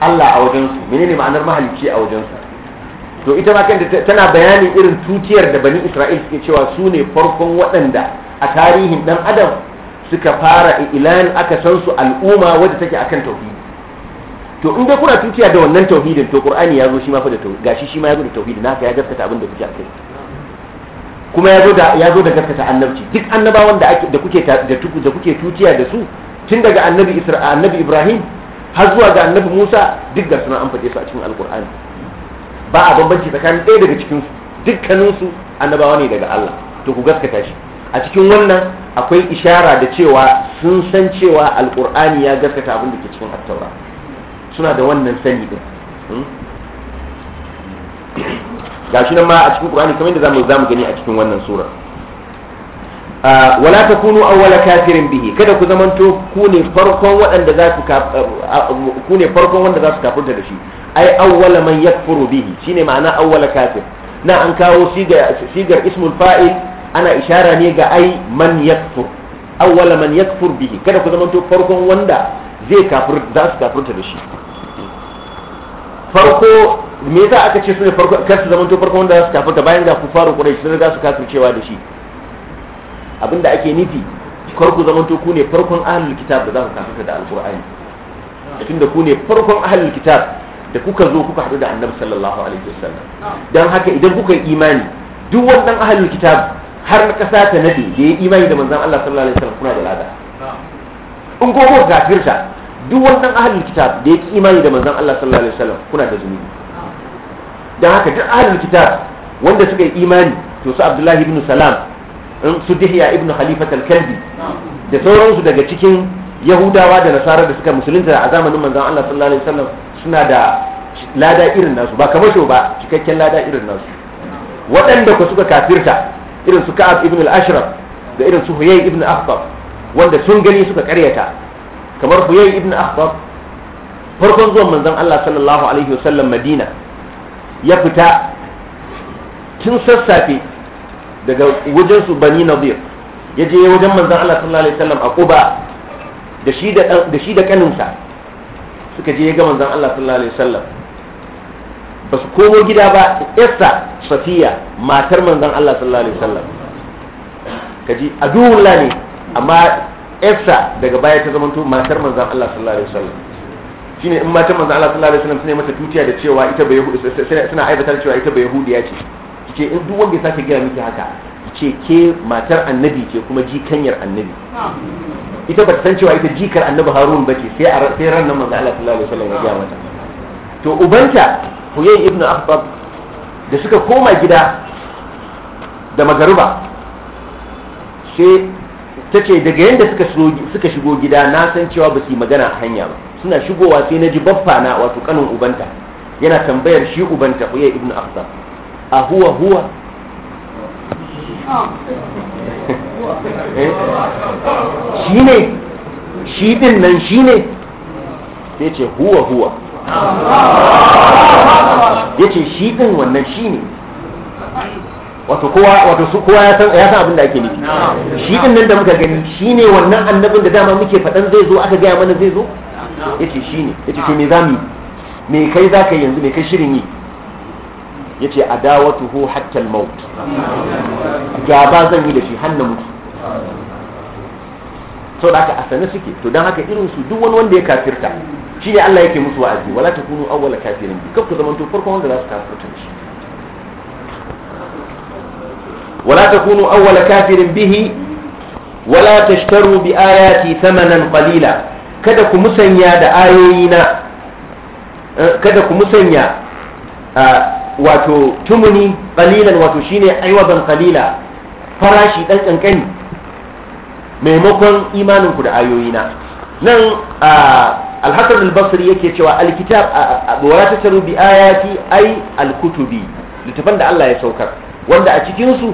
Allah a wajensu menene ma'anar mahalicci a wajensu to ita ma kanta tana bayanin irin tutiyar da bani Isra'il suke cewa su ne farkon waɗanda a tarihin ɗan adam suka fara ilan aka san su al'umma wadda take akan tauhidi to in dai kuna tuciya da wannan tauhidin to qur'ani ya zo shi ma fa da tauhidi gashi shi ma ya zo da tauhidi naka ya gaskata abin da kuke akai kuma ya zo da ya zo da gaskata annabci duk annabawan da ake da kuke da tuku da kuke tuciya da su tun daga annabi isra annabi ibrahim har zuwa ga annabi musa duk ga suna an faɗe su a cikin alqur'ani ba a bambanci tsakanin ɗaya daga cikin su dukkanin su annabawa ne daga Allah to ku gaskata shi a cikin wannan akwai ishara da cewa sun san cewa alkur'ani ya gaskata abin da ke cikin attaura suna da wannan sani din hmm? ga shi nan ma a cikin qur'ani kamar yadda zamu zamu gani a cikin wannan sura wala takunu awwala kafirin bihi kada ku zamanto ku ne farkon waɗanda za su ku ne farkon wanda za su kafir da shi ai awwala man yakfuru bihi shine ma'ana awwala kafir na an kawo sigar sigar ismul fa'il ana ishara ne ga ai man yakfur awwala man yakfur bihi kada ku to farkon wanda zai kafir za su kafirta da shi farko me yasa aka ce sune farko kar su to farkon wanda za su kafirta bayan ga ku fara quraish sun riga su kafircewa da shi abinda ake nufi kar ku to ku ne farkon ahlul kitab da za ku kafirta da alqur'ani da ku ne farkon ahlul kitab da kuka zo kuka haɗu da annabi sallallahu alaihi wasallam dan haka idan kuka yi imani duk wannan ahlul kitab har kasa ta nabi da ya imani da manzon Allah sallallahu alaihi wasallam kuna da lada in ko ko kafirta duk wannan ahlul kitab da ya imani da manzon Allah sallallahu alaihi wasallam kuna da zunubi dan haka duk ahlul kitab wanda suka yi imani to su Abdullahi ibn Salam su Dihya ibn Khalifat al-Kalbi da sauransu daga cikin Yahudawa da Nasara da suka musulunta a zamanin manzon Allah sallallahu alaihi wasallam suna da lada irin nasu ba kamar ba cikakken lada irin nasu waɗanda ku suka kafirta irin su ka'ab ibn al-ashraf da irin su huyay ibn akhtab wanda sun gani suka karyata kamar huyay ibn akhtab farkon zuwan manzon Allah sallallahu alaihi wasallam madina ya fita tun sassafe daga wajen su bani nadir ya je wajen manzon Allah sallallahu alaihi wasallam a quba da shi da kaninsa suka je ya ga manzon Allah sallallahu alaihi wasallam ba su komo gida ba yasta safiya matar manzon Allah sallallahu alaihi wasallam kaji aduwulla ne amma yasta daga baya ta zamanto matar manzon Allah sallallahu alaihi wasallam shine in matar manzon Allah sallallahu alaihi wasallam sune mata tutiya da cewa ita ba yahudi suna aibatar cewa ita ba ya ce ce in duk wanda ya sake gaya miki haka ce ke matar annabi ce kuma jikanyar annabi ita ba ta san cewa ita jikar annabi harun ba ce sai ran nan manzon Allah sallallahu alaihi wasallam ya gaya mata to ubanta huyai ibn akhbab da suka koma gida da magaruba sai ta ce daga yadda suka shigo gida na san cewa ba su yi magana a hanya ba suna shigowa sai na ji baffa na wato kanin ubanta yana tambayar shi ubanta huyai ibn akhbab a huwa huwa eh? shi ne shi din nan shi ne sai ce huwa huwa yace shi ɗin wannan shi ne kowa wato su kowa ya san abin da ake nufi shi ɗin nan da muka gani shi ne wannan annabin da dama muke faɗan zai zo aka gaya mana zai zo yace ne yace ce me yi me kai za ka yanzu me kai shirin yi yace tuho hatta al-maut gaba zan yi da shi hannun mutu sau da aka asane suke to don haka irin su duk wani wanda ya kafirta ne Allah yake musu wa'azi wala takunu awwala kafirin bi kafku zaman to farkon wanda za su kafirta shi wala takunu awwala kafirin bihi wala tashtaru bi ayati thamanan qalila kada ku musanya da ayoyina eh, kada ku musanya wato tumuni qalilan wato shine aywaban qalila farashi dan kankani maimakon imanin ku da ayoyina nan a alhassan albasri yake cewa alkitab wala ta taru bi ayati ai alkutubi littafan da Allah ya saukar wanda a cikin su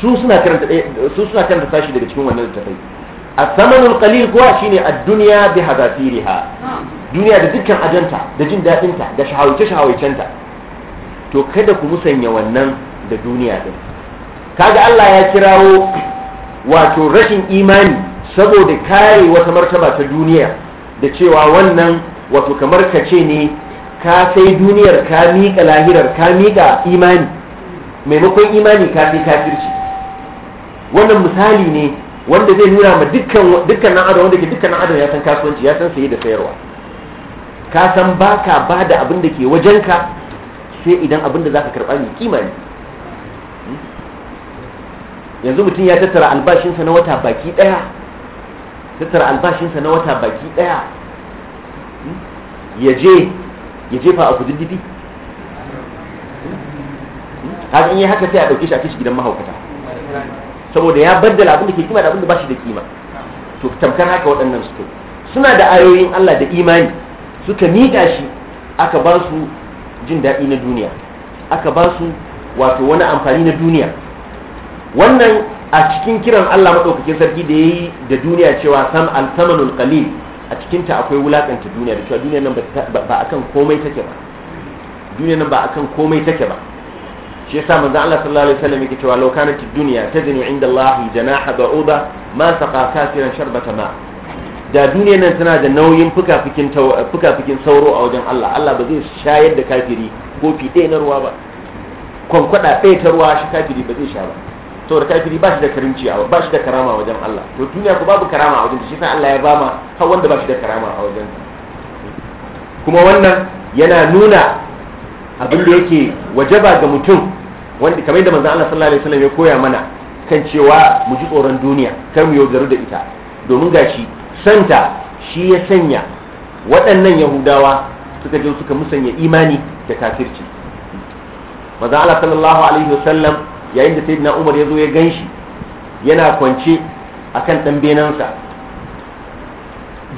su suna karanta eh, su suna karanta sashi daga cikin wannan littafai as-samanu al-qalil kuwa shine ad-dunya bi hadafiriha duniya da dukkan ajanta da jin dadin ta da shahawace shahawacen ta to kada ku musanya wannan da duniya din kaga Allah ya kirawo wato rashin imani saboda kare wata martaba ta duniya da cewa wannan wato kamar ka ce ne ka sai duniyar ka miƙa lahirar ka miƙa imani maimakon imani ka sai kafirci wannan misali ne wanda zai nuna ma dukkan nan adam wanda ke dukkan adam ya san kasuwanci ya san saye da sayarwa ka san ba ka ba da abin da ke wajenka sai idan abin da za ka karɓa mai kima ne hmm? yanzu mutum ya tattara albashinsa na wata baki ɗaya tattara albashinsa na wata baki daya hmm? ya je ya jefa a dibi hmm? haka in yi haka sai a ɗauke shi a kishi gidan mahaukata saboda ya baddala abin da ke kima da abin da ba shi da kima to tamkar haka waɗannan su suna da ayoyin Allah da imani suka miƙa shi aka ba su jin daɗi na duniya aka ba su wato wani amfani na duniya wannan a cikin kiran Allah maɗaukakin sarki da yayi da duniya cewa sam al thamanul qalil a cikin ta akwai wulakanta duniya da cewa duniya nan ba akan komai take ba duniya nan ba akan komai take ba shi yasa manzo Allah sallallahu alaihi wasallam yake cewa law kanat ad-dunya tazinu inda Allah janaha ba'uda ma saqa kafiran sharbata ma da duniya nan tana da nauyin fuka fukin sauro a wajen Allah Allah ba zai shayar da kafiri kofi ɗaya na ruwa ba kwankwada ɗaya ta ruwa shi kafiri ba zai sha ba to da kafiri ba shi da karimci ba shi da karama wajen Allah to duniya ko babu karama a wajen shi sai Allah ya bama har wanda ba shi da karama a wajen kuma wannan yana nuna abin da yake wajaba ga mutum wanda kamar yadda manzon Allah sallallahu alaihi wasallam ya koya mana kan cewa mu ji tsoron duniya kar mu yaudaru da ita domin gashi santa shi ya sanya waɗannan yahudawa suka je suka musanya imani da kafirci manzon Allah sallallahu alaihi wasallam yayin da sayyidina umar ya zo ya gan shi yana kwance akan dan benansa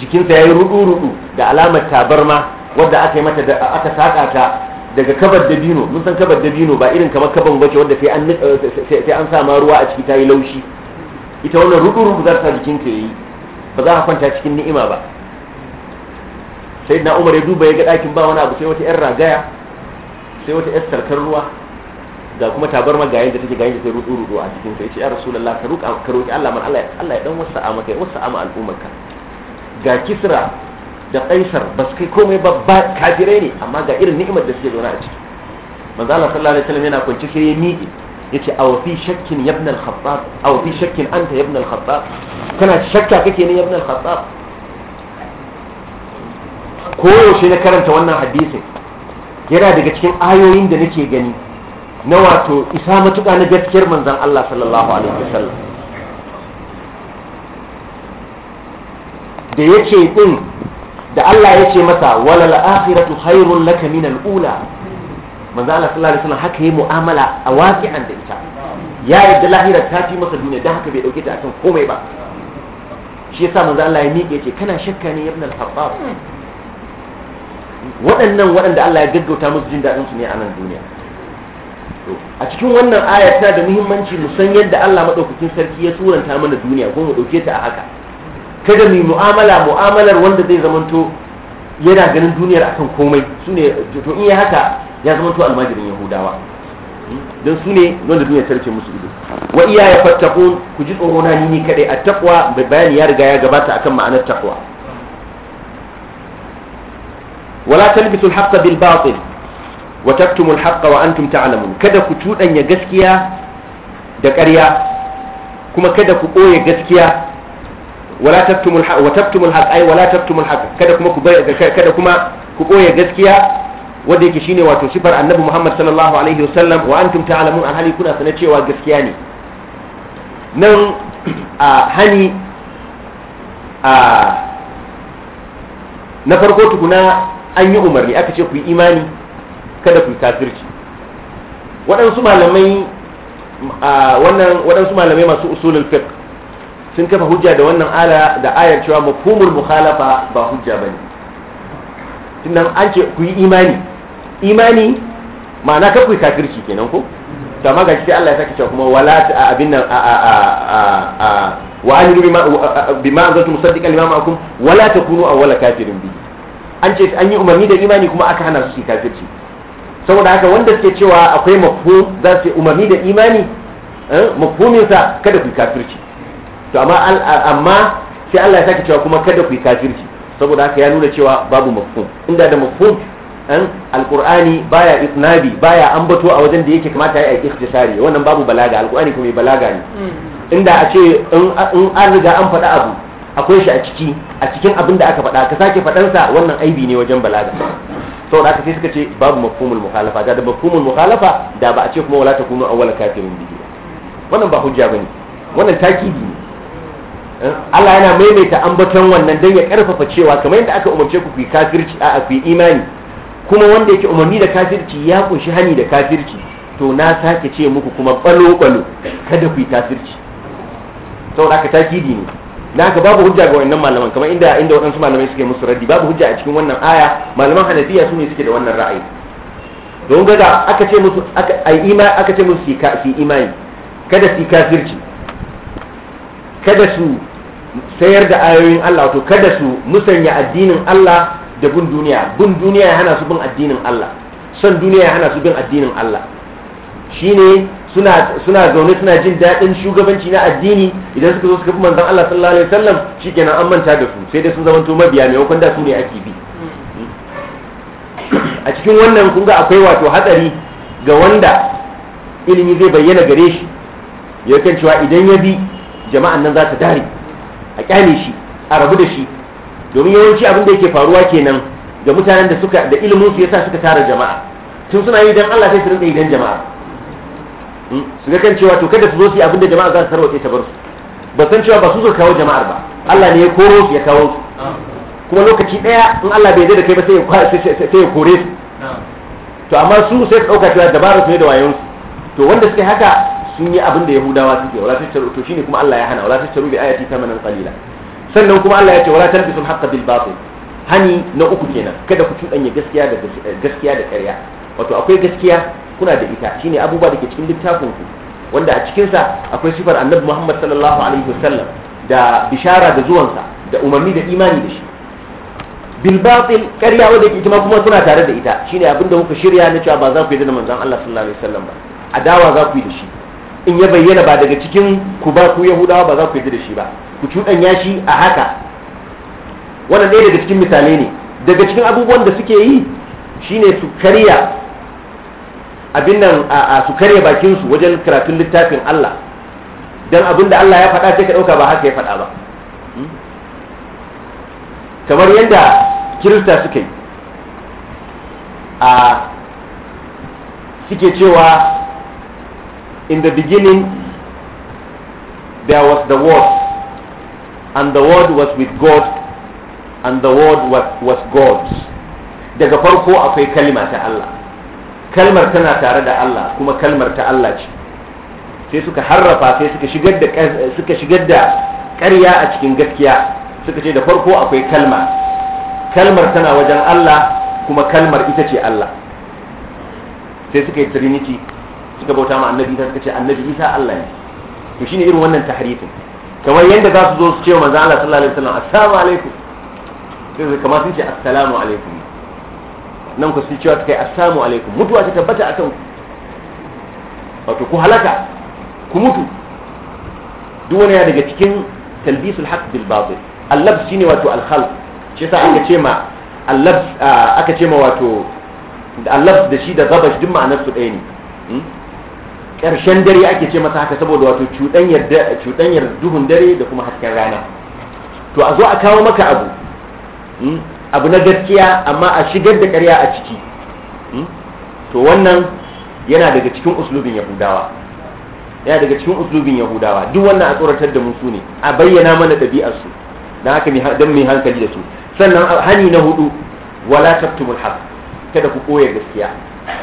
jikinsa yi rudu rudu da alamar tabarma wadda aka yi mata da aka saka ta daga kabar dabino mun san kabar dabino ba irin kamar kabar bace wadda sai an sai sa ruwa a ciki ta yi laushi ita wannan rudu rudu za ta jikinka yi ba za ka kwanta cikin ni'ima ba sayyidina umar ya duba ya ga ɗakin ba wani abu sai wata yar ragaya sai wata yar sarkar ruwa ga kuma ma ga yadda take ga yadda sai rudu rudu a cikin sai ce ya rasulullahi ka ruka ka roki Allah man Allah Allah ya dan a maka ya wasa'a al'ummarka ga kisra da kaisar bas kai komai babba kafirai ne amma ga irin ni'imar da suke zauna a ciki manzo Allah sallallahu alaihi wasallam yana kwance sai ya miƙe yace aw fi shakkin ya ibn al-khattab aw fi shakkin anta ya ibn al-khattab kana shakka kake ne ya ibn al-khattab ko yaushe na karanta wannan hadisin yana daga cikin ayoyin da nake gani na wato isa matuƙa na gaskiyar manzan Allah sallallahu alaihi wasallam da ya ce ɗin da Allah ya ce masa wala al'akhiratu khairun laka min al'ula manzan Allah sallallahu alaihi wasallam haka yi mu'amala a waqi'an da ita ya yarda lahira ta fi masa duniya dan haka bai dauke ta akan komai ba shi yasa manzan Allah ya miƙe ce kana shakka ne ibn al waɗannan waɗanda Allah ya gaggauta musu jin daɗin su ne a nan duniya a cikin wannan aya tana da muhimmanci mu san yadda Allah madaukakin sarki ya suranta mana duniya ko mu dauke ta a haka kada mu mu'amala mu'amalar wanda zai zamanto yana ganin duniyar akan komai sune to in ya haka ya zamanto almajirin yahudawa hmm? don su ne wanda duniya sarki musu ido wa iya ya fattaku ku ji tsoro na ni kadai a takwa bayani ya riga ya gabata akan ma'anar takwa wala talbisul haqqo bil batil wa taktumul haqqa wa antum ta'lamun kada ku tudanya gaskiya da ƙarya kuma kada ku koye gaskiya wala taktumul haqqa wa taktumul haqqa ay wala taktumul haqqa kada kuma ku kada kuma ku koye gaskiya wanda yake shine wato sifar annabi Muhammad sallallahu alaihi wasallam wa antum ta'lamun hali kuna sana cewa gaskiya ne nan a hani a na farko tukuna an yi umarni aka ce ku yi imani kada ku kafirci waɗansu malamai wannan waɗansu malamai masu usulul fiqh sun kafa hujja da wannan ala da ayar cewa mafhumul mukhalafa ba hujja bane tunan an ce ku yi imani imani ma'ana kar ku yi kafirci kenan ko to amma gashi sai Allah ya saki cewa kuma wala ta abin nan a a a a wa an bima bima anzaltu musaddiqan lima ma'akum wala takunu awwala kafirin bi an ce an yi umarni da imani kuma aka hana su kafirci saboda haka wanda suke cewa akwai mafhum za su umarni da imani eh, mafhuminsa kada ku yi kafirci to amma sai Allah ya sake cewa kuma kada ku yi kafirci saboda haka ya nuna cewa babu mafhum inda da mafhum an eh, alqur'ani baya isnabi baya ambato a wajen da yake kamata ya yi ikhtisari wannan babu balaga alqur'ani kuma balaga ne mm. inda a ce in an riga an faɗa abu akwai shi a ciki a cikin abin da aka faɗa ka sake faɗansa wannan aibi ne wajen balaga sau da aka sai suka ce babu mafhumul mukhalafa da mafhumul mukhalafa da ba a ce kuma wala takunu wala kafirin bihi wannan ba hujja bane wannan takidi ne eh? Allah yana maimaita ambaton wannan dan ya karfafa cewa kamar yadda aka umarce ku ku kafirci a ku imani kuma wanda yake umarni da kafirci ya kunshi hani da kafirci to na sake ce muku kuma balo balo kada ku yi kafirci da aka takidi ne na haka babu hujja ga wannan malaman kamar inda inda waɗansu malamai suke musu raddi babu hujja a cikin wannan aya malaman hanafiya su ne suke da wannan ra'ayi don gaga aka ce musu aka ai ima aka ce musu su imani kada su kafirci kada su sayar da ayoyin Allah to kada su musanya addinin Allah da bin duniya bin duniya ya hana su bin addinin Allah son duniya ya hana su bin addinin Allah shine suna zaune suna jin daɗin shugabanci na addini idan suka zo suka bi manzon Allah sallallahu alaihi wasallam shikenan an manta da su sai dai sun zamanto mabiya maimakon da su ne ake bi a cikin wannan kun ga akwai wato hatsari ga wanda ilimi zai bayyana gare shi ya kan cewa idan ya bi jama'an nan za ta dare a kyale shi a rabu da shi domin yawanci abin da yake faruwa kenan ga mutanen da suka da ilimin su yasa suka tara jama'a tun suna yi dan Allah sai su rinka idan jama'a su ga kan cewa to kada su zo su yi abin da jama'a za su tarwace ta bar su ba san cewa ba su zo kawo jama'ar ba Allah ne ya koro su ya kawo su kuma lokaci daya in Allah bai da kai ba sai ya kore su to amma su sai ka dauka cewa dabarar su ne da wayon su to wanda suke haka sun yi abin da Yahudawa suke wala tattaru to shine kuma Allah ya hana wala tattaru bi ayati tamanan qalila sannan kuma Allah ya ce wala talbisul alhaqqa bil batil hani na uku kenan kada ku tudanya gaskiya da gaskiya da ƙarya wato akwai gaskiya kuna da ita shine abubuwa da ke cikin littafin ku wanda a cikinsa akwai sifar annabi muhammad sallallahu alaihi wasallam da bishara da zuwansa da umarni da imani da shi bil batil ƙarya wadda ke kuma kuma kuna tare da ita shine abin da muka shirya na cewa ba za ku yi da manzon Allah sallallahu alaihi wasallam ba adawa za ku yi da shi in ya bayyana ba daga cikin ku ba ku yahudawa ba za ku yi da shi ba ku cuɗanya shi a haka wannan ɗaya daga cikin misali ne daga cikin abubuwan da suke yi shine su karya abin nan a su karya bakin su wajen karatun littafin Allah dan abin da Allah ya faɗa sai ka ɗauka ba haka ya faɗa ba hmm? kamar yadda kirista suka yi a suke cewa in the beginning there was the word and the word was with God and the word was, was God daga farko akwai kalima ta Allah kalmar tana tare da Allah kuma kalmar ta Allah ce sai suka harrafa sai suka shigar da suka shigar da ƙarya a cikin gaskiya suka ce da farko akwai kalma kalmar tana wajen Allah kuma kalmar ita ce Allah sai suka yi trinity suka bauta ma annabi ta suka ce annabi isa Allah ne to shine irin wannan tahrifin kamar yadda za su zo su ce wa manzo Allah sallallahu alaihi wasallam assalamu alaikum sai kamar sun ce assalamu alaikum nan ku sai cewa kai assalamu alaikum mutuwa ta tabbata akan ku wato ku halaka ku mutu duk wani daga cikin talbisul haqq bil batil allab shine wato al khalq shi sa aka ce ma allab aka ce ma wato allab da shi da gabash duk ma'anar su ɗaya ne karshen hmm? dare ake ce masa haka saboda wato cuɗanyar cuɗanyar duhun dare da kuma hasken rana to a zo a kawo maka abu hmm? abu na gaskiya amma a shigar da ƙarya a ciki hmm? to wannan yana daga cikin uslubin yahudawa yana daga cikin uslubin yahudawa duk wannan a tsoratar da musu ne a bayyana mana ɗabi'arsu na haka don mai hankali da su sannan hani na hudu wala taktumul haq kada ku koya gaskiya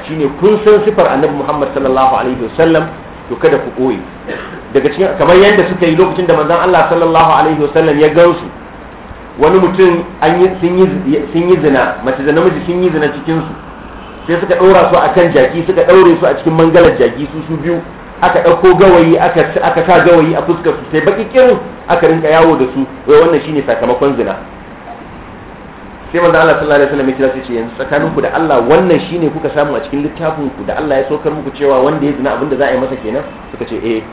shine kun san sifar annabi Muhammad sallallahu alaihi wasallam to kada ku koye daga cikin kamar yadda suka yi lokacin da manzon Allah sallallahu alaihi wasallam ya gansu wani mutum sun yi zina mace da namiji sun yi zina cikinsu sai suka ɗora su a kan jaki suka ɗaure su a cikin mangalar jaki su su biyu aka ɗauko gawayi aka sa gawayi a fuskar su sai baki kirin aka rinka yawo da su wai wannan shine sakamakon zina sai manzo Allah sallallahu alaihi wasallam ya zai ce yanzu tsakaninku da Allah wannan shine kuka samu a cikin littafin ku da Allah ya saukar muku cewa wanda ya zina abinda za a yi masa kenan suka ce eh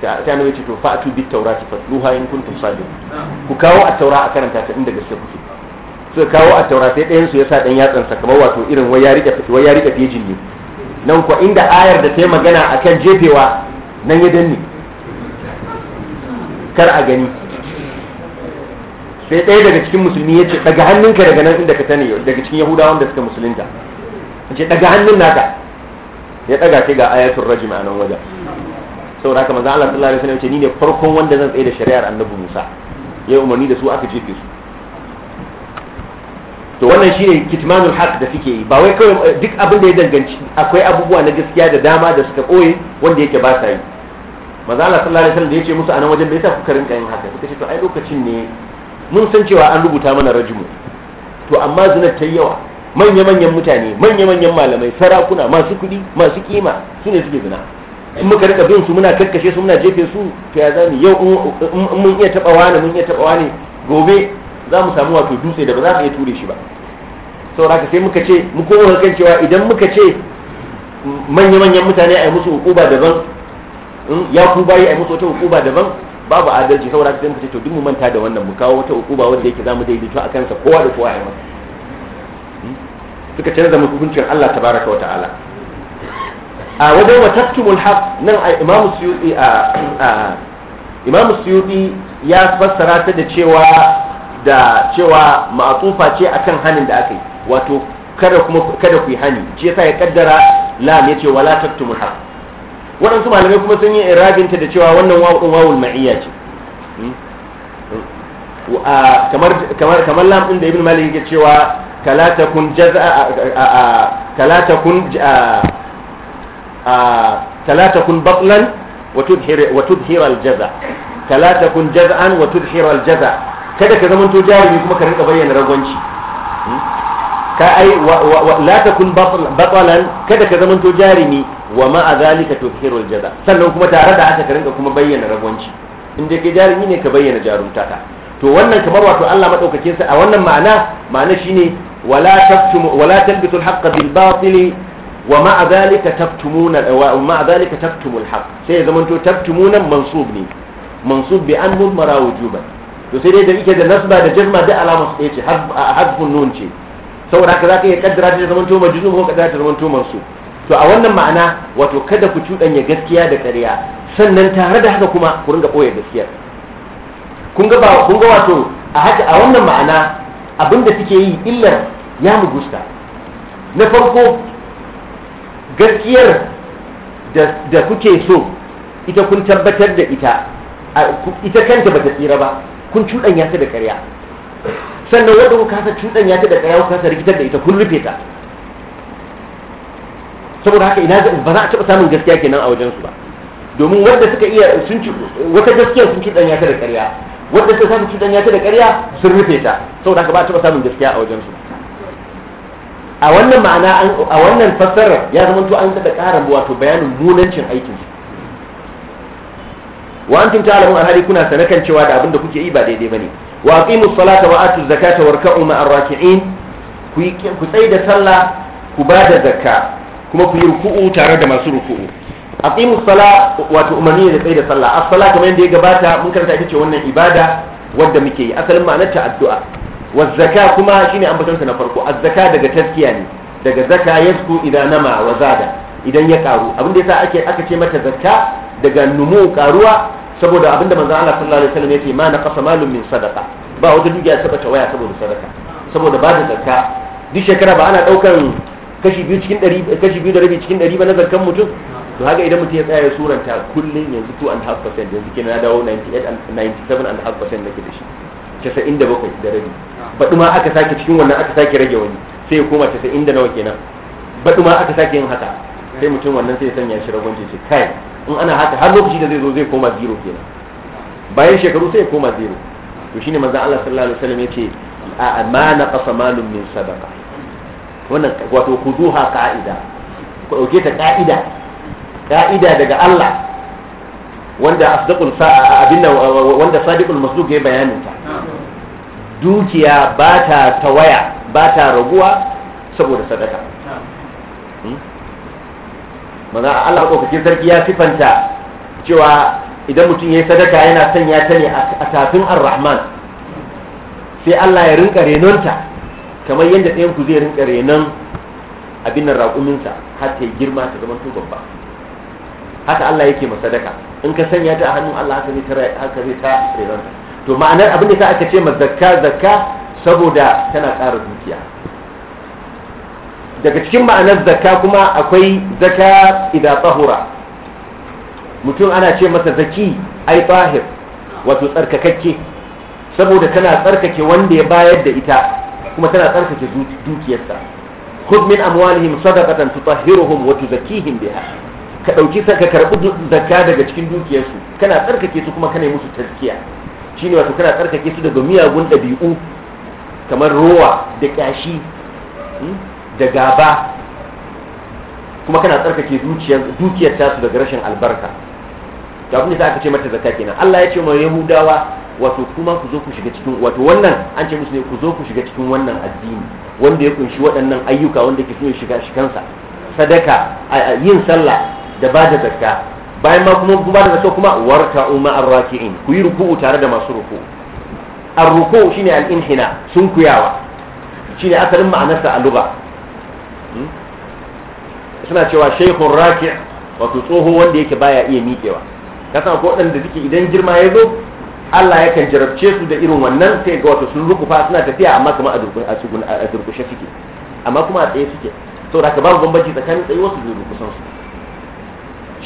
ta annabi ce to fa fa'atu bit taurati fatluha in kuntum sadiqin ku kawo a taura a karanta ta inda gaske kuke suka kawo a taura sai ɗayan su yasa dan yatsan sa kamar wato irin wai ya rika wai ya rika fejin ne nan ko inda ayar da ta yi magana akan jefewa nan ya danne kar a gani sai ɗaya daga cikin musulmi ya ce daga hannunka daga nan inda ka tani daga cikin yahudawan da suka musulunta ya ce daga hannun naka ya ɗaga ce ga ayatul rajim a nan wajen saboda haka manzo Allah sallallahu alaihi wasallam ce ni ne farkon wanda zan tsaye da shari'ar annabi Musa ya umarni da su aka jefe su to wannan shine kitmanul haq da suke yi ba wai kawai eh, duk abin da ya danganci akwai abubuwa na gaskiya da dama da suka koye wanda yake ba sa yi manzo Allah sallallahu alaihi wasallam da yace musu anan wajen bai sa ku rinka yin haka suka ce to ai lokacin ne mun san cewa an rubuta mana rajimu to amma zinar ta yawa manya-manyan mutane manya-manyan malamai sarakuna masu kuɗi masu kima su ne suke zina in muka rika bin su muna karkashe su muna jefe su to ya zani yau in mun iya taba wani mun iya taba wani gobe za mu samu wato dutse da ba za mu iya ture shi ba saboda sai muka ce mu koma kan cewa idan muka ce manya-manyan mutane a yi musu hukuba daban ya ku bayi a yi musu wata hukuba daban babu adalci saboda sai muka ce to duk mu manta da wannan mu kawo wata hukuba wanda yake zamu daidaito a kansa kowa da kowa a yi masa hmm? suka canza mu hukuncin Allah tabaraka wa ta'ala a wajen wa tattumul haq nan imamu suyuti a imamu suyuti ya fassara ta da cewa da cewa ma'atufa ce akan hanin da aka yi wato kada kuma kada ku yi hani ce yasa ya kaddara lam yace wala tattumul haq waɗansu malamai kuma sun yi irabinta da cewa wannan wawun wawul ma'iyya ce hmm? kamar kamar lam din da ibn malik ya cewa kala takun jaza kala takun talata kun batlan wa tudhir aljaza talata kun jaz'an wa tudhir aljaza kada ka zamanto jarumi kuma ka rinka bayyana ragwanci ka ai la takun kada ka zamanto jarumi wa ma'a zalika tudhir aljaza sannan kuma tare da haka ka rinka kuma bayyana ragwanci in dai kai jarumi ne ka bayyana jarumtaka to wannan kamar wato Allah madaukakin sa a wannan ma'ana ma'ana shine wala wa ma azalika taftumuna wa ma'a zalika taktumul haqq sai ya zamanto taftumuna mansub ne mansub bi an mudmara wujuban to sai dai da yake da nasba da jazma da alama su ce hadfun nun ce saboda haka zaka iya kaddara ta to majzum ko kaddara ta to mansub to a wannan ma'ana wato kada ku ya gaskiya da ƙarya sannan tare da haka kuma ku ringa ɓoye gaskiya kun ga kun ga wato a haka a wannan ma'ana abinda suke yi illar ya mugusta na farko gaskiyar da kuke so ita kun tabbatar da ita ita kanta bata tsira ba kun ya ta da ƙarya sannan wanda kuka kasa ya ta da ƙarya kuka kasa rikitar da ita kun rufe ta saboda haka ina ba za a taɓa samun gaskiya kenan a wajensu ba domin wanda suka iya sun wata gaskiya sun ya ta da ƙarya wanda suka samu ya ta da ƙarya sun rufe ta saboda haka ba a taɓa samun gaskiya a wajensu ba a wannan ma'ana a wannan fassarar ya zama to an da ƙara wato bayanin munancin aikin su wa antum ta'lamun kuna sanakan cewa da abinda da kuke yi ba daidai bane wa aqimus salata wa atuz zakata warka'u ma'ar raki'in ku ku da sallah ku ba da zakka kuma ku yi ruku'u tare da masu ruku'u aqimus sala wato umarni da tsai da sallah as salatu kamar yadda ya gabata mun karanta ita ce wannan ibada wadda muke yi asalin ma'anar ta addu'a والزكاه كما شيني امبتنسا na farko الزكاه daga taskiya ne daga zaka yasku idan nama wa zada idan ya karu abin da sa ake aka ce mata zaka daga numu karuwa saboda abin da manzon Allah sallallahu alaihi wasallam yake ma na kasa malum min sadaqa ba wata dukiya saka ta waya saboda sadaka saboda ba da zaka duk shekara ba ana daukan kashi biyu cikin dari kashi biyu da rabi cikin dari ba na zakkan mutum to haka idan mutum ya tsaya ya suranta kullun yanzu 2.5% yanzu kenan ya dawo 98 and 97 and 1% nake da shi 97 da rabi baɗi ma aka sake cikin wannan aka sake rage wani sai ya koma tasa'in da nawa kenan baɗi ma aka sake yin haka sai mutum wannan sai ya sanya shi ragon ce kai in ana haka har lokaci da zai zo zai koma zero kenan bayan shekaru sai ya koma zero to shine manzon Allah sallallahu alaihi wasallam yace ma naqasa malun min sadaqa wannan wato kuduha ka'ida ku dauke ta ka'ida ka'ida daga Allah wanda asdaqul abinda wanda sadiqul masduq ya bayanin ta dukiya ba ta tawaya ba ta raguwa saboda sadaka hmm? maza Allah ɗaukakin sarki ya sifanta cewa idan mutum ya yi sadaka yana sanya ta ne a tafin ar-rahman sai Allah ya rinka renonta kamar yadda ɗayan ku zai rinka renon abin nan raƙuminsa har ta girma ta zama to babba haka Allah yake masadaka in ka sanya ta a hannun Allah haka zai ta renonta to ma'anar abin da sa aka ce ma zakka zakka saboda tana ƙara dukiya daga cikin ma'anar zakka kuma akwai zakka idan tsahura mutum ana ce masa zaki ai bahir wato tsarkakakke saboda tana tsarkake wanda ya bayar da ita kuma tana tsarkake dukiyarsa khud min amwalihim sadaqatan tutahhiruhum wa tuzakkihim biha ka dauki saka karbi zakka daga cikin dukiyarsu kana tsarkake su kuma kana musu tazkiya shine wato kana tsarkake su daga miyagun ɗabi'u kamar rowa da ƙyashi hmm, da gaba kuma kana tsarkake dukiyar tasu daga rashin albarka ga da aka ce mata zakka kenan Allah ya ce ma Yahudawa wato kuma ku zo ku shiga cikin wato wannan an ce musu ne ku zo ku shiga cikin wannan addini wanda ya kunshi waɗannan ayyuka wanda ke so shiga shikansa sadaka yin sallah da ba da zakka bayan ma kuma kuma da zato kuma warka umma arraki'in ku yi ruku'u tare da masu ruku'u ar-ruku'u shi ne al'inhina sun kuyawa ne asalin ma'anarsa a Luba hmm? suna cewa shaykhun raki' wato tsoho wanda yake baya iya miƙewa ka san ko waɗanda suke idan girma ya zo Allah yakan jarabce su da irin wannan sai ga wato sun rukufa suna tafiya amma kuma a durkushe suke amma kuma a tsaye suke saboda ka babu bambanci tsakanin tsaye wasu da durkusan su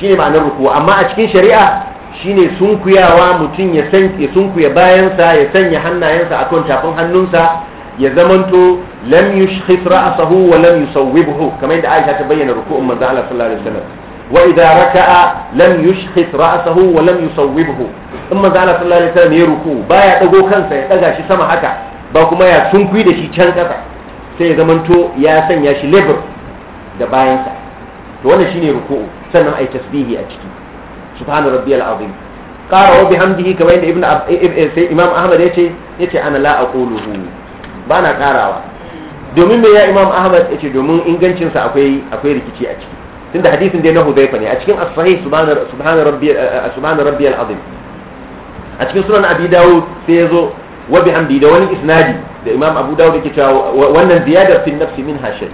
shine ma'anar ruku amma a cikin shari'a shine sunkuyawa mutum ya san ya sunkuya bayansa ya sanya hannayensa a akan tafin hannunsa ya zamanto lam yushkhis ra'sahu wa lam buhu kamar yadda Aisha ta bayyana ruku'un manzo Allah sallallahu alaihi wasallam wa idza raka'a lam yushkhis ra'sahu wa lam buhu in manzo Allah sallallahu alaihi wasallam ya ruku baya dago kansa ya daga shi sama haka ba kuma ya sunkuyi da shi can kasa sai ya zamanto ya sanya shi lebur da bayansa to wannan shine ruku'u sannan ai tasbihi a ciki subhana rabbiyal azim qara wa bihamdihi kamar yadda ibnu eh, sai imam ahmad yace yace ana la aquluhu bana karawa domin me ya imam ahmad yace domin ingancin sa akwai akwai rikici a ciki tunda hadisin dai na hudayfa ne a cikin as-sahih subhana subhana rabbi eh, subhana rabbiyal azim a cikin sunan abi dawud sai yazo wa bihamdi da wani isnadi da imam abu dawud yake cewa wannan ziyadar fi nafsi min shay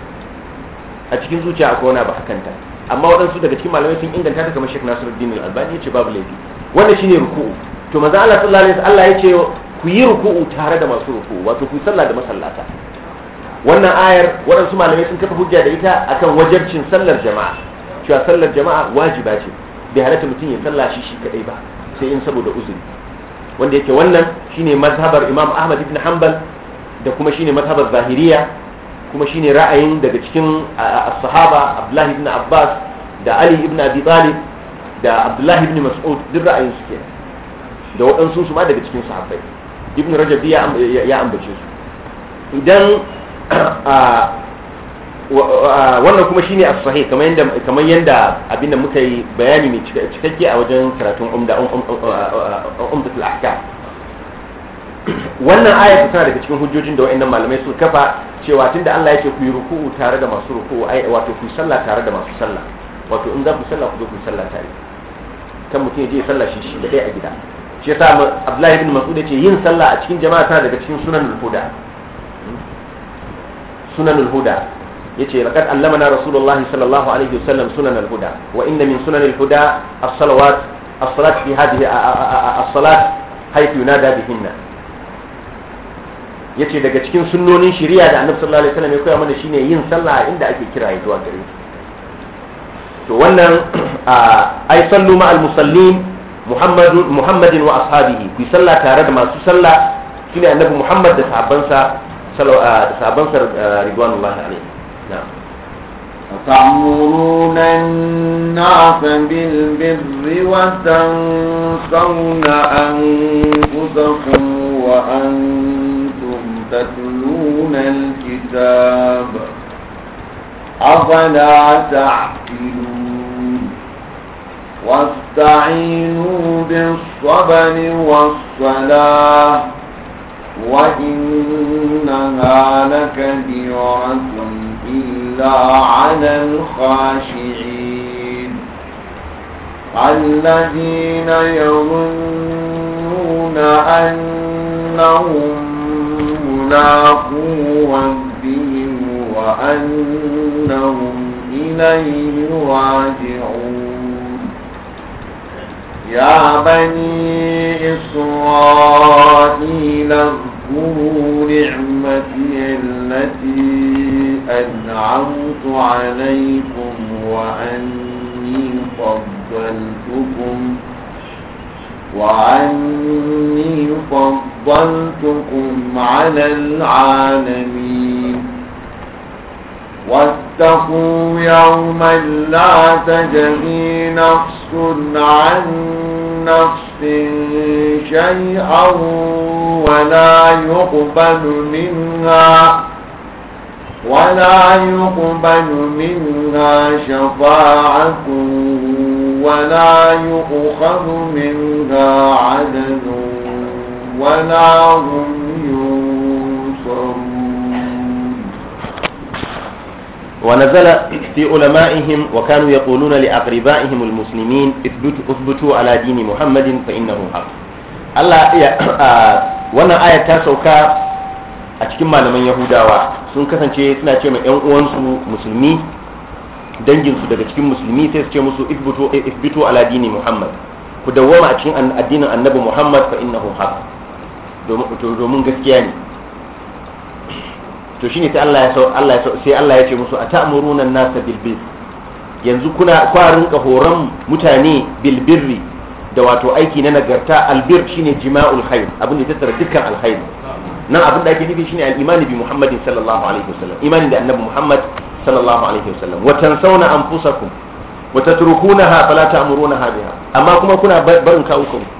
a cikin zuciya akwai wani abu akan ta amma waɗansu daga cikin malamai sun inganta ta kamar Sheikh Nasiruddin Al-Albani yace babu laifi wannan shine ruku'u to manzo Allah sallallahu alaihi wasallam Allah yace ku yi ruku'u tare da masu ruku'u wato ku sallah da masallata wannan ayar waɗansu malamai sun kafa hujja da ita akan wajibcin sallar jama'a cewa sallar jama'a wajiba ce bai halatta mutum ya salla shi shi kadai ba sai in saboda uzuri wanda yake wannan shine mazhabar Imam Ahmad ibn Hanbal da kuma shine mazhabar Zahiriya kuma shine ra'ayin daga cikin as sahaba abdullahi ibn abbas da ali ibn abi talib da abdullahi ibn mas'ud duk ra'ayin su ke da waɗansu su ma daga cikin sahabbai ibn rajab ya ambace su idan wannan kuma shine as-sahih kamar yanda kamar yanda abinda muka yi bayani mai cikakke a wajen karatun umda um, um, um, umdatul ahkam wannan ayat tana daga cikin hujjojin da wayannan malamai sun kafa cewa tunda Allah yake ku yi ruku'u tare da masu ruku'u ai wato ku sallah tare da masu sallah wato in za ku sallah ku zo ku sallah tare kan mutum ya je sallah shi shi da dai a gida shi yasa Abdullahi ibn Mas'ud yace yin sallah a cikin jama'a tana daga cikin sunanul huda sunanul huda yace laqad allamana rasulullahi sallallahu alaihi wasallam sunanul huda wa inna min sunanil huda as-salawat as-salat fi hadhihi as-salat haythu yunada bihinna yace daga cikin sunnonin shari'a da annabi sallallahu alaihi wasallam ya koya mana shine yin sallah inda ake kira ya zuwa gare to wannan <clears throat> ai sallu ma al musallin muhammadin wa ashabihi ku sallah tare da masu sallah shine annabi muhammad da sahabbansa da sahabbansa ridwanullahi alaihi na'am أتأمرون الناس بالبر وتنسون أنفسكم وأنفسكم تتلون الكتاب أفلا تعقلون واستعينوا بالصبر والصلاة وإنها لكبيرة إلا على الخاشعين الذين يظنون أنهم لاقوا ربهم وأنهم إليه راجعون يا بني إسرائيل اذكروا نعمتي التي أنعمت عليكم وأني فضلتكم وعني فضلتكم على العالمين واتقوا يوما لا تجري نفس عن نفس شيئا ولا يقبل منها ولا يقبل منها شفاعة ولا يؤخذ منها عدل ولا هم ينصرون ونزل في علمائهم وكانوا يقولون لأقربائهم المسلمين اثبتوا, اثبتوا على دين محمد فإنه حق الله wannan ayar ta sauka a cikin malaman yahudawa sun kasance suna ce ma 'yan uwansu musulmi danginsu daga cikin musulmi sai su ce musu isbito eh, ala dini muhammad ku dawwama a cikin addinin annabi muhammad fa innahu haq domin gaskiya ne to shine sai Allah ya Allah ya sai Allah ya ce musu atamuruna an-nasa bil bir yanzu kuna kwarin rinka horon mutane bil birri da wato aiki na nagarta albir shine jima'ul khair abin da ya tattara dukkan alkhairi nan abin da ake nufi shine al-imani bi muhammadin sallallahu alaihi wasallam imani da annabi muhammad sallallahu alaihi wasallam wa tansawna anfusakum wa tatrukunaha fala ta'murunaha biha amma kuma kuna barin kawo kanku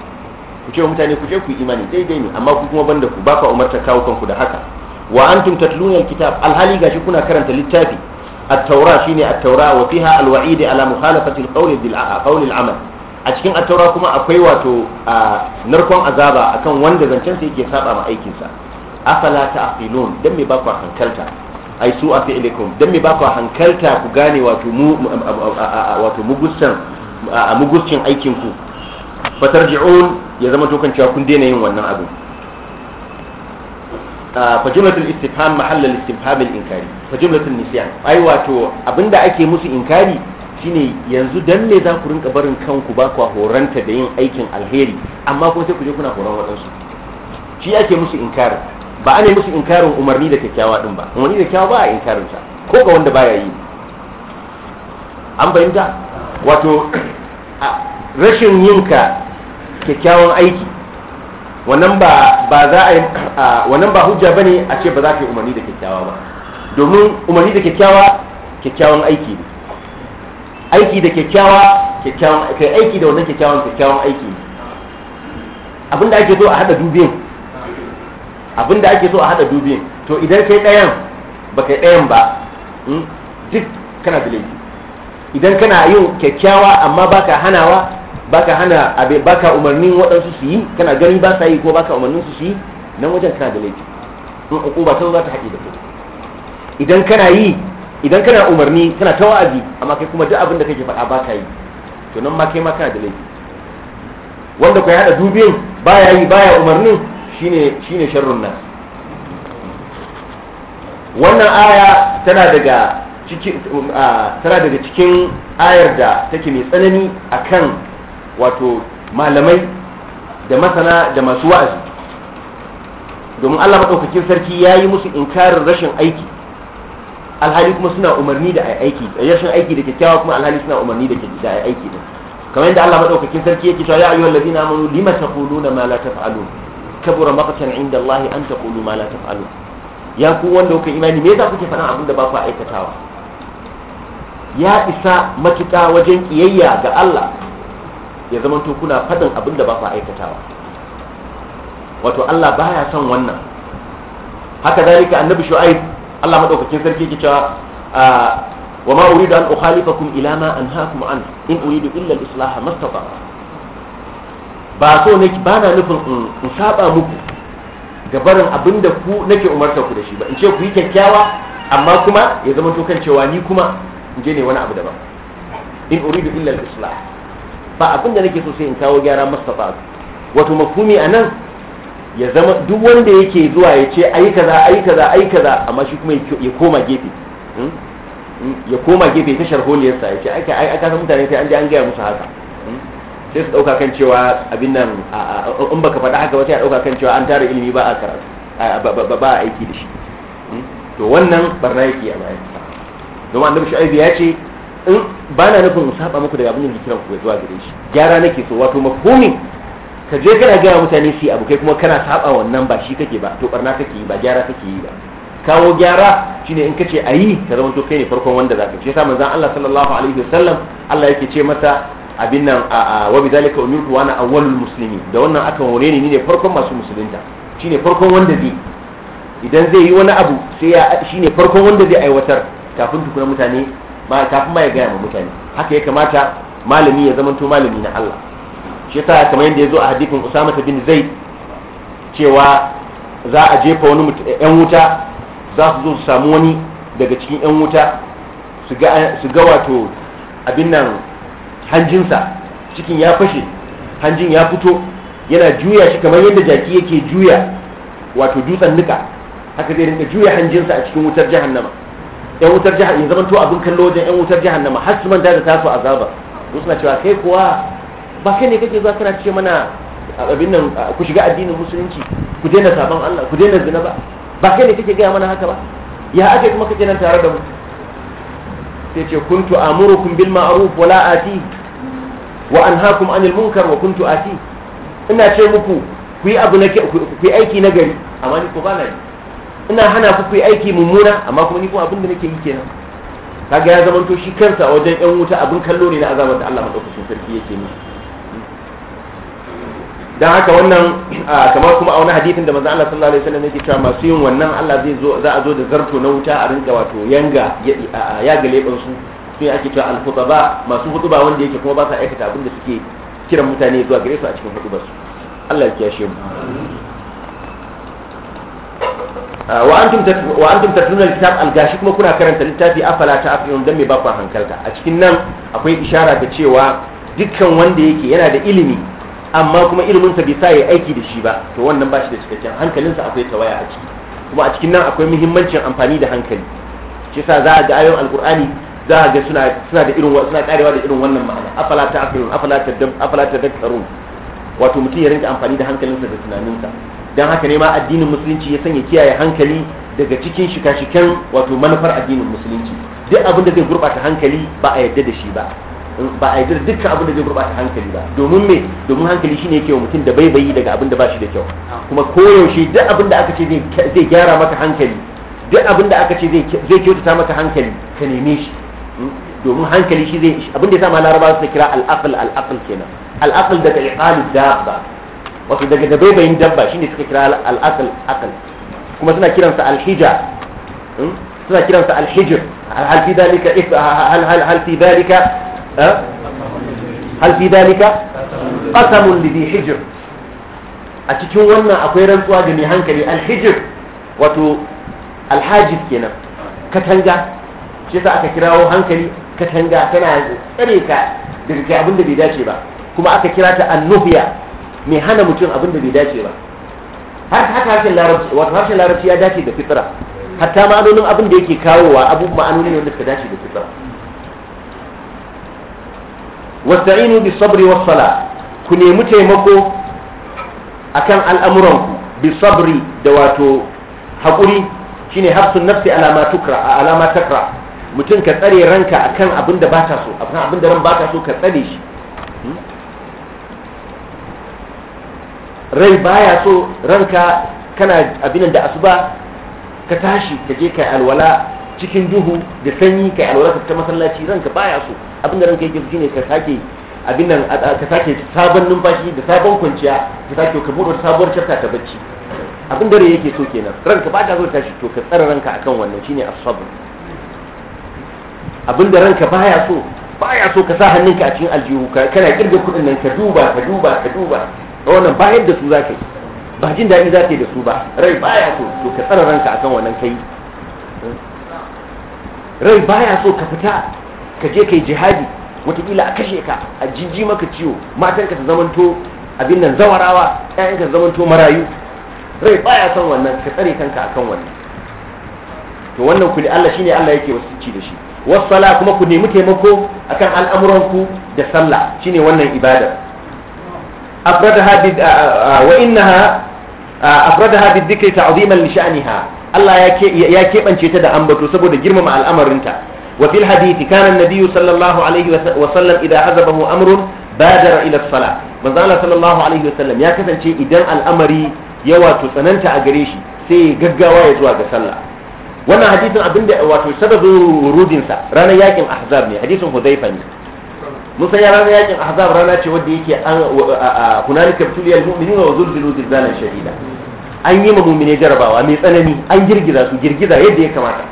ku ce mutane ku je ku imani daidai ne amma ku kuma banda ku ba ku umarta kawo kanku da haka wa antum tatluna al-kitab alhali gashi kuna karanta littafi التوراة شيني التوراة وفيها الوعيد على مخالفة القول قول العمل أتكين التوراة كما أكوي واتو نركم عذابا أكن وند زنشان سيكي سابا ما أيكي سابا afala aqilun dan me ba ku hankalta ai su a fi'likum dan me ba ku hankalta ku gane wato mu wato mugustan mugustin aikin ku fatarji'un ya zama to cewa kun daina yin wannan abu fa jumlatul istifham mahallal istifham al inkari fa jumlatul nisyan ai wato abinda ake musu inkari shine yanzu dan ne za ku rinka barin kanku ba ku horanta da yin aikin alheri amma ko sai ku je kuna horon waɗansu shi ake musu inkari ba ne musu inkarin umarni da kyakkyawa din ba umarni da kyakkyawa ba a inkarin sa ko ga wanda baya yi an bayyana wato rashin yinka kyakkyawan aiki wannan ba ba za a wannan ba hujja bane a ce ba za ka yi umarni da kyakkyawa ba domin umarni da kyakkyawa kyakkyawan aiki ne aiki da kyakkyawa kyakkyawan aiki da wannan kyakkyawan kyakkyawan aiki ne abinda ake so a hada dubiyan abin da ake so a hada dubiyin to idan kai ɗayan ba kai ɗayan ba hmm, duk kana da laifi idan kana yin kyakkyawa amma baka hanawa baka hana abin baka umarnin waɗansu su yi kana gani ba sa yi ko baka umarnin su su yi nan wajen kana da laifi in ba ta za ta haɗe da ku idan kana yi idan kana umarni kana ta wa'azi amma kai kuma duk abin da kake faɗa baka yi to nan ma kai ma kana da laifi wanda ku ya haɗa dubiyin baya yi baya umarnin shine shine sharrun nas wannan aya tana daga cikin uh, tana daga cikin ayar da take mai tsanani akan wato malamai da masana da masu wa'azi domin Allah madaukakin sarki ya yi musu inkarin rashin aiki alhali kuma suna umarni da aiki rashin aiki da kyakkyawa kuma alhali suna umarni da aiki din kamar yadda Allah madaukakin sarki yake cewa ya ayyuhal ladina amanu lima taquluna ma la taf'alun kabura maqtan inda Allah an taqulu ma la taf'alu ya ku wanda kuka imani me yasa kuke faɗan abin ba ku aikatawa ya isa matuƙa wajen kiyayya ga Allah ya zama to kuna faɗin abinda ba ku aikatawa wato Allah baya son wannan haka zalika annabi shu'aib Allah madaukakin sarki ke cewa wa ma uridu an ukhalifakum ila ma anhaakum an in uridu illa al-islaha mastata'tu ba so ne ba na nufin in saba muku ga barin abin da ku nake umarta ku da shi ba in ce ku yi kyakkyawa amma kuma ya zama to kan cewa ni kuma in je ne wani abu daban in uridu illa al-islah ba abin da nake so sai in kawo gyara mustafa wato mafhumi anan ya zama duk wanda yake zuwa ya ce ai kaza ai kaza ai kaza amma shi kuma ya koma gefe hmm? Hmm? ya koma gefe ta sharholiyarsa ya ce aka san mutane sai an je an gaya musu haka sai su dauka kan cewa abin nan in baka faɗa haka ba sai a dauka kan cewa an tara ilimi ba a karatu ba a aiki da shi hmm? to wannan barna yake a bayan sa domin annabi shu'aib ya ce in ba na nufin mu saba muku daga abin da kiran ku zuwa gare shi gyara nake so wato mafhumin ka je kana gaya mutane su abu kai kuma kana saba wannan ba shi kake ba to barna kake yi ba gyara kake yi ba kawo gyara shine in kace ayi ka zama to kai ne farkon wanda zaka ce sa manzon Allah sallallahu alaihi wasallam Allah yake ce masa abin nan a wa bi zalika umirtu wa ana awwalul muslimin da wannan aka hore ni ne farkon masu musulunta shine farkon wanda zai idan zai yi wani abu sai ya shine farkon wanda zai aiwatar kafin tukuna mutane ba kafin ma ya gaya ma mutane haka ya kamata malami ya zamanto malami na Allah shi yasa kamar yadda ya zo a hadithin Usama bin Zaid cewa za a jefa wani yan wuta za su zo su samu wani daga cikin yan wuta su ga wato abin nan hanjinsa cikin ya fashe hanjin ya fito yana juya shi kamar yadda jaki yake juya wato dutsen nuka haka zai rinka juya hanjinsa a cikin wutar jahannama yan wutar jahannama ya zamanto abin kallo wajen yan wutar jahannama har su manta da tasu azaba don na cewa kai kuwa ba kai ne kake zuwa kana ce mana abin nan ku shiga addinin musulunci ku daina sabon Allah ku daina zina ba ba kai ne kake gaya mana haka ba ya ake kuma kake nan tare da mu sai ce kuntu amurukum bil ma'ruf wa la ati wa anhaakum anil munkar wa kuntu ati ina ce muku ku yi abu na ku yi aiki na gari amma ni ko ba na ina hana ku ku yi aiki mummuna amma kuma ni kuma abin da nake yi kenan kaga ya zamanto shi kansa wajen yan wuta abin kallo ne na azabar da Allah madaukakin sarki yake musu dan haka wannan kamar kuma a wani hadisin da manzo Allah sallallahu alaihi wasallam yake cewa masu yin wannan Allah zai zo za a zo da zarto na wuta a rinka wato yanga ya gale ban su sai ake cewa al-khutaba masu hutuba wanda yake kuma ba sa aikata abin da suke kiran mutane zuwa gare su a cikin hutubar su Allah ya kiyashe mu wa antum wa antum tatluna al-kitab al-gashi kuma kuna karanta littafi afala ta afiyun dan me ba ku hankalta a cikin nan akwai ishara da cewa dukkan wanda yake yana da ilimi amma kuma ilimin sa bai sa ya aiki da shi ba to wannan ba shi da cikakken hankalinsa akwai tawaya a ciki kuma a cikin nan akwai muhimmancin amfani da hankali shi yasa za a ga ayoyin alkur'ani za a ga suna suna da irin suna karewa da irin wannan ma'ana afala ta'qilun afala dab afala wato mutum ya rinka amfani da hankalinsa da tunaninsa dan haka ne ma addinin musulunci ya sanya kiyaye hankali daga cikin shika-shikan wato manufar addinin musulunci duk abin da zai gurɓata hankali ba a yadda da shi ba ba a yi dukkan abin da zai gurɓata hankali ba domin me domin hankali shine yake wa mutum da bai bayi daga abin da ba shi da kyau kuma koyaushe duk abin da aka ce zai gyara maka hankali duk abin da aka ce zai kyautata maka hankali ka neme shi hmm? domin hankali shi zai abin da ya sama laraba su kira al'aql al'aql kenan al'aql daga da dabba wato daga da baibayin dabba shine suka kira al'aql aql kuma suna kiransa al-hija hmm? suna kiransa al-hijr hal fi dalika hal hal hal fi dalika hal fi dalika qasamun li hijr a cikin wannan akwai rantsuwa ga mai hankali alhijir wato alhajib kenan katanga shi yasa aka kirawo hankali katanga tana tsare ka daga abin da bai dace ba kuma aka kira ta annuhiya mai hana mutum abin da bai dace ba har haka harshen larabci wato harshen larabci ya dace da fitra hatta ma'anonin abin da yake kawowa abubuwan ma'anonin wanda suka dace da fitra wasta'inu bi sabri was sala ku nemi taimako akan al'amuran ku bi sabri da wato hakuri shine hafsun nafsi alama tukra alama takra mutum ka tsare ranka akan abin da bata so akan abin da ran bata so ka tsare shi rai baya so ranka kana abin da asuba ka tashi ka je kai alwala cikin duhu da sanyi ka yi ka ta masallaci ranka baya so abin da ranka yake ji ne ka sake abin nan ka sake sabon numfashi da sabon kwanciya ka sake ka bude sabuwar chapter ta bacci abin da yake so kenan ranka ba ta so tashi to ka tsara ranka akan wannan shine as-sabr abin da ranka baya so baya so ka sa hannunka a cikin aljihu kana kirga kudin nan ka duba ka duba ka duba wannan ba yadda su zaka yi ba jin daɗi zaka yi da su ba rai baya so to ka tsara ranka akan wannan kai rai baya so ka fita ka je kai jihadi watakila a kashe ka a jiji maka ciwo matanka ta zamanto abin nan zawarawa ƴaƴanka ta zamanto marayu rai baya son wannan ka tsare kanka akan wannan to wannan ku Allah shine Allah yake wasici da shi wassala kuma ku nemi taimako akan al'amuranku da sallah shine wannan ibadar afradaha wa innaha afradaha bidhikri ta'ziman li sha'niha Allah ya keɓance ta da ambato saboda girmama al'amarinta wa fil hadithi kana nabiyyu sallallahu alaihi wa sallam idan hazabahu amrun badara ila sala manzo Allah sallallahu alaihi wa sallam ya kasance idan al'amari ya wato tsananta a gare shi sai gaggawa ya zuwa ga sallah wannan hadisin abinda wato sababin rudin sa ranar yakin ahzab ne hadisin hudayfa ne musa ya ranar yakin ahzab rana ce wadda yake an hunalika tuliyal mu'minina wa zulzilu zilzalan shadida an yi mamumine jarabawa mai tsanani an girgiza su girgiza yadda ya kamata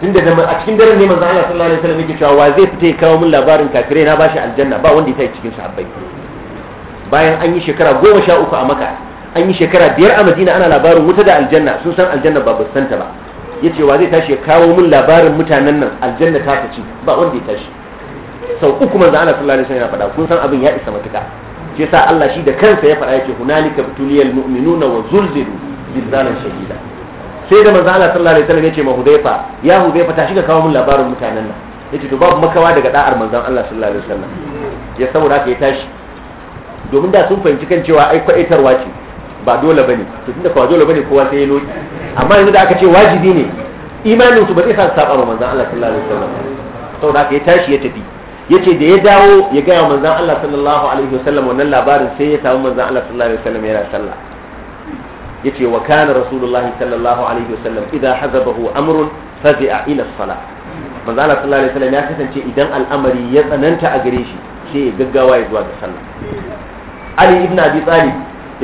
tun da a cikin daren ne manzo Allah sallallahu alaihi wasallam yake cewa wa zai fita ya kawo min labarin kafirai na bashi aljanna ba wanda ya tayi cikin sahabbai bayan an yi shekara goma sha uku a maka an yi shekara biyar a madina ana labarin wuta da aljanna sun san aljanna ba san ta ba ya ce wa zai tashi ya kawo min labarin mutanen nan aljanna ta ci ba wanda ya tashi sau uku manzo Allah sallallahu alaihi wasallam ya faɗa kun san abin ya isa matuka shi yasa Allah shi da kansa ya faɗa yake hunalika butuliyal mu'minuna wa zulzilu zilzalan shadida sai da manzo Allah sallallahu alaihi wasallam yace ma Hudayfa ya Hudayfa ta ka kawo mun labarin mutanen nan yace to babu makawa daga da'ar manzon Allah sallallahu alaihi wasallam ya saboda haka ya tashi domin da sun fahimci kan cewa ai kwaitarwa ce ba dole bane to tunda ba dole bane kowa sai ya loki amma yanzu da aka ce wajibi ne imanin su ba zai sa saba ma manzon Allah sallallahu alaihi wasallam saboda haka ya tashi ya tafi yace da ya dawo ya gaya manzan Allah sallallahu alaihi wasallam wannan labarin sai ya samu manzan Allah sallallahu alaihi wasallam yana sallah yace wa kana rasulullah sallallahu alaihi wasallam idan hazabahu amrun fazi'a ila salah manzan Allah sallallahu alaihi wasallam ya kasance idan al'amari ya tsananta a gare shi sai ya gaggawa ya zuwa ga sallah Ali ibn Abi Talib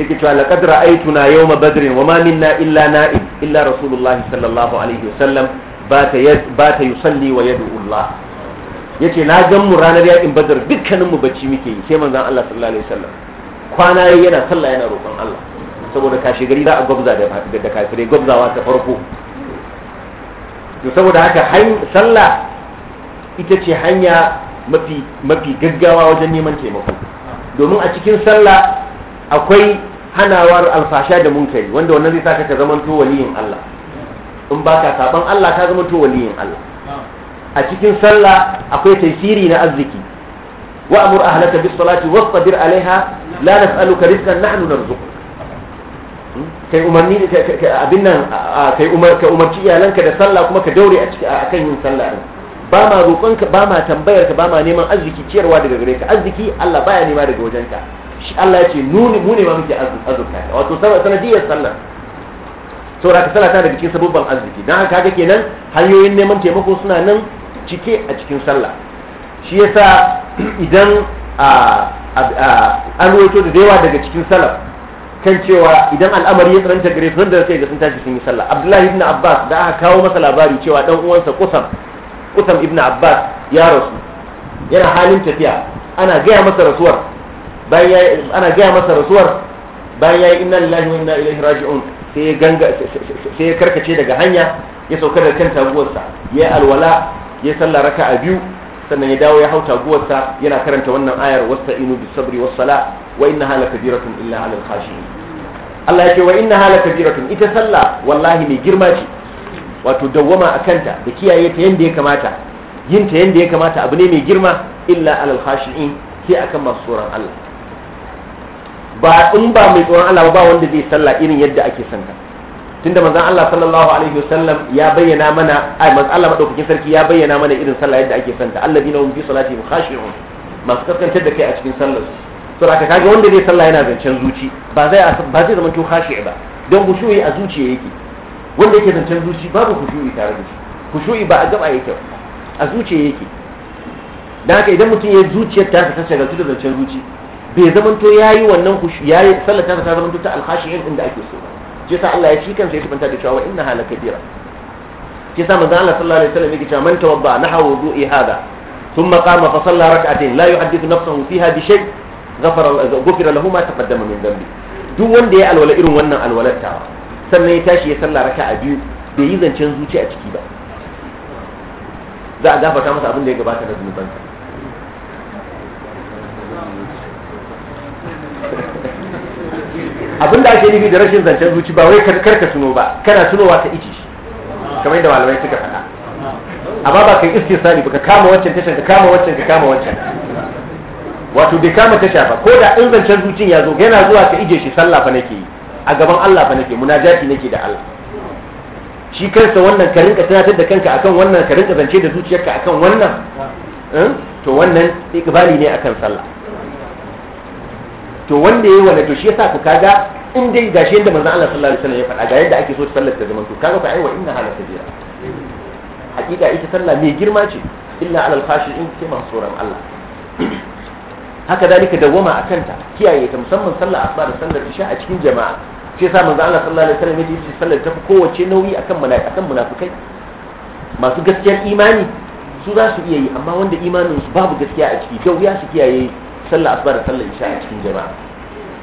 yake cewa laqad ra'aytuna yawma badrin wa ma minna illa na'im illa rasulullahi sallallahu alaihi wasallam bata bata yusalli wa yad'u Allah ya ce na gan mu ranar yakin bazar dukkanin mu bacci muke yi sai manzan Allah sallallahu alaihi wasallam kwana yayi yana sallah yana roƙon Allah saboda kashi gari za a gwabza da da gwabzawa ta farko to saboda haka sallah ita ce hanya mafi mafi gaggawa wajen neman taimako domin a cikin sallah akwai hanawar alfasha da munkari wanda wannan zai saka ka to waliyin Allah in baka saban Allah ka zama to waliyin Allah a cikin sallah akwai tafsiri na arziki wa amur ahlaka bis salati wasbir alaiha la nas'aluka rizqan nahnu narzuquk hmm? kai umarni abin nan kai umar ka umarci iyalanka da sallah kuma ka daure a cikin akan yin sallah din ba ma roƙonka ba ma tambayarka ba ma neman arziki ciyarwa daga gare ka arziki Allah baya nema daga wajenka shi Allah ya ce nuni mu ne ma muke azurta wato sanadiyar sallah saboda ka sallah ta daga cikin sabubban arziki dan haka kaga kenan hanyoyin neman taimako suna nan cike a cikin sallah shi yasa idan an roto da yawa daga cikin salaf kan cewa idan al'amari ya tsananta gare su da sai ga sun tashi sun yi sallah abdullahi ibn abbas da aka kawo masa labari cewa dan uwansa kusam kusam ibn abbas ya rasu yana halin tafiya ana gaya masa rasuwar bayan ana gaya masa rasuwar bayan yi inna lillahi wa inna ilaihi raji'un sai ya ganga sai ya karkace daga hanya ya sauka da kan taguwarsa ya alwala ya sallah raka'a biyu sannan ya dawo ya hauta guwarsa yana karanta wannan ayar inu bis sabri was sala wa hala kabiratun illa 'alal khashi'in Allah yake wa hala kabiratun ita sallah wallahi mai girma ce wato dawwama akanta da kiyaye ta yanda ya kamata yin ta yanda ya kamata abu ne mai girma illa 'alal khashi'in sai akan masu tsoron Allah ba in ba mai tsoron Allah ba wanda zai sallah irin yadda ake santa tunda manzon Allah sallallahu alaihi wasallam ya bayyana mana ai manzon Allah madaukakin sarki ya bayyana mana irin sallah yadda ake santa alladina hum fi salatihim khashi'un masu kaskantar da kai a cikin sallar su to da kaga wanda zai sallah yana zancen zuci ba zai ba zai zama to khashi' ba don khushu'i a zuciya yake wanda yake zancen zuci babu khushu'i tare da shi khushu'i ba a gaba yake a zuciya yake dan haka idan mutum ya zuciyar ta ta shiga da zancen zuci bai zamanto yayi wannan khushu yayi sallar ta ta zamanto ta alkhashi'in inda ake so ba shi yasa Allah ya shi kansa ya sifanta da cewa wa inna hala kabira shi yasa manzon Allah sallallahu alaihi wasallam yake cewa man tawadda nahawa wudu'i hada thumma qama fa salla rak'atayn la yuhaddithu nafsahu fiha bi shay ghafara ghufira lahu ma taqaddama min dhanbi duk wanda ya alwala irin wannan alwalar tawa sannan ya tashi ya salla raka'a biyu bai yi zancen zuci a ciki ba za a gafarta masa abin da ya gabata da zunubansa <laughs> abin da ake nufi da rashin zancen zuci ba wai kar ka tuno ba kana tunowa ka shi kamar yadda malamai suka faɗa amma ba kai sani ba ka kama wancan tashar ka kama wancan ka kama wancan wato bai kama tasha ba ko da in zancen zucin ya zo yana zuwa ka ije shi sallah fa nake yi a gaban Allah fa nake munajati nake da Allah shi kansa wannan ka rinka tunatar da kanka akan wannan ka rinka zance da zuciyarka akan wannan eh? to wannan ikbali ne akan sallah to wanda yayi wannan to shi yasa ka kaga in dai gashi yadda manzon Allah sallallahu alaihi wasallam ya faɗa ga yadda ake so sallar ta zaman to kaga fa aiwa inna hala kabira hakika ita sallah mai girma ce illa alal khashi'in sai masu tsoron Allah haka dalika dawwama a kanta kiyaye ta musamman sallar asuba da sallar isha a cikin jama'a sai sa manzo Allah sallallahu alaihi wasallam yace sallar ta kowace nauyi akan mala'ika akan munafikai masu gaskiyar imani su za su iya yi amma wanda imanin su babu gaskiya a ciki kyau ya su kiyaye sallah asuba da sallar isha a cikin jama'a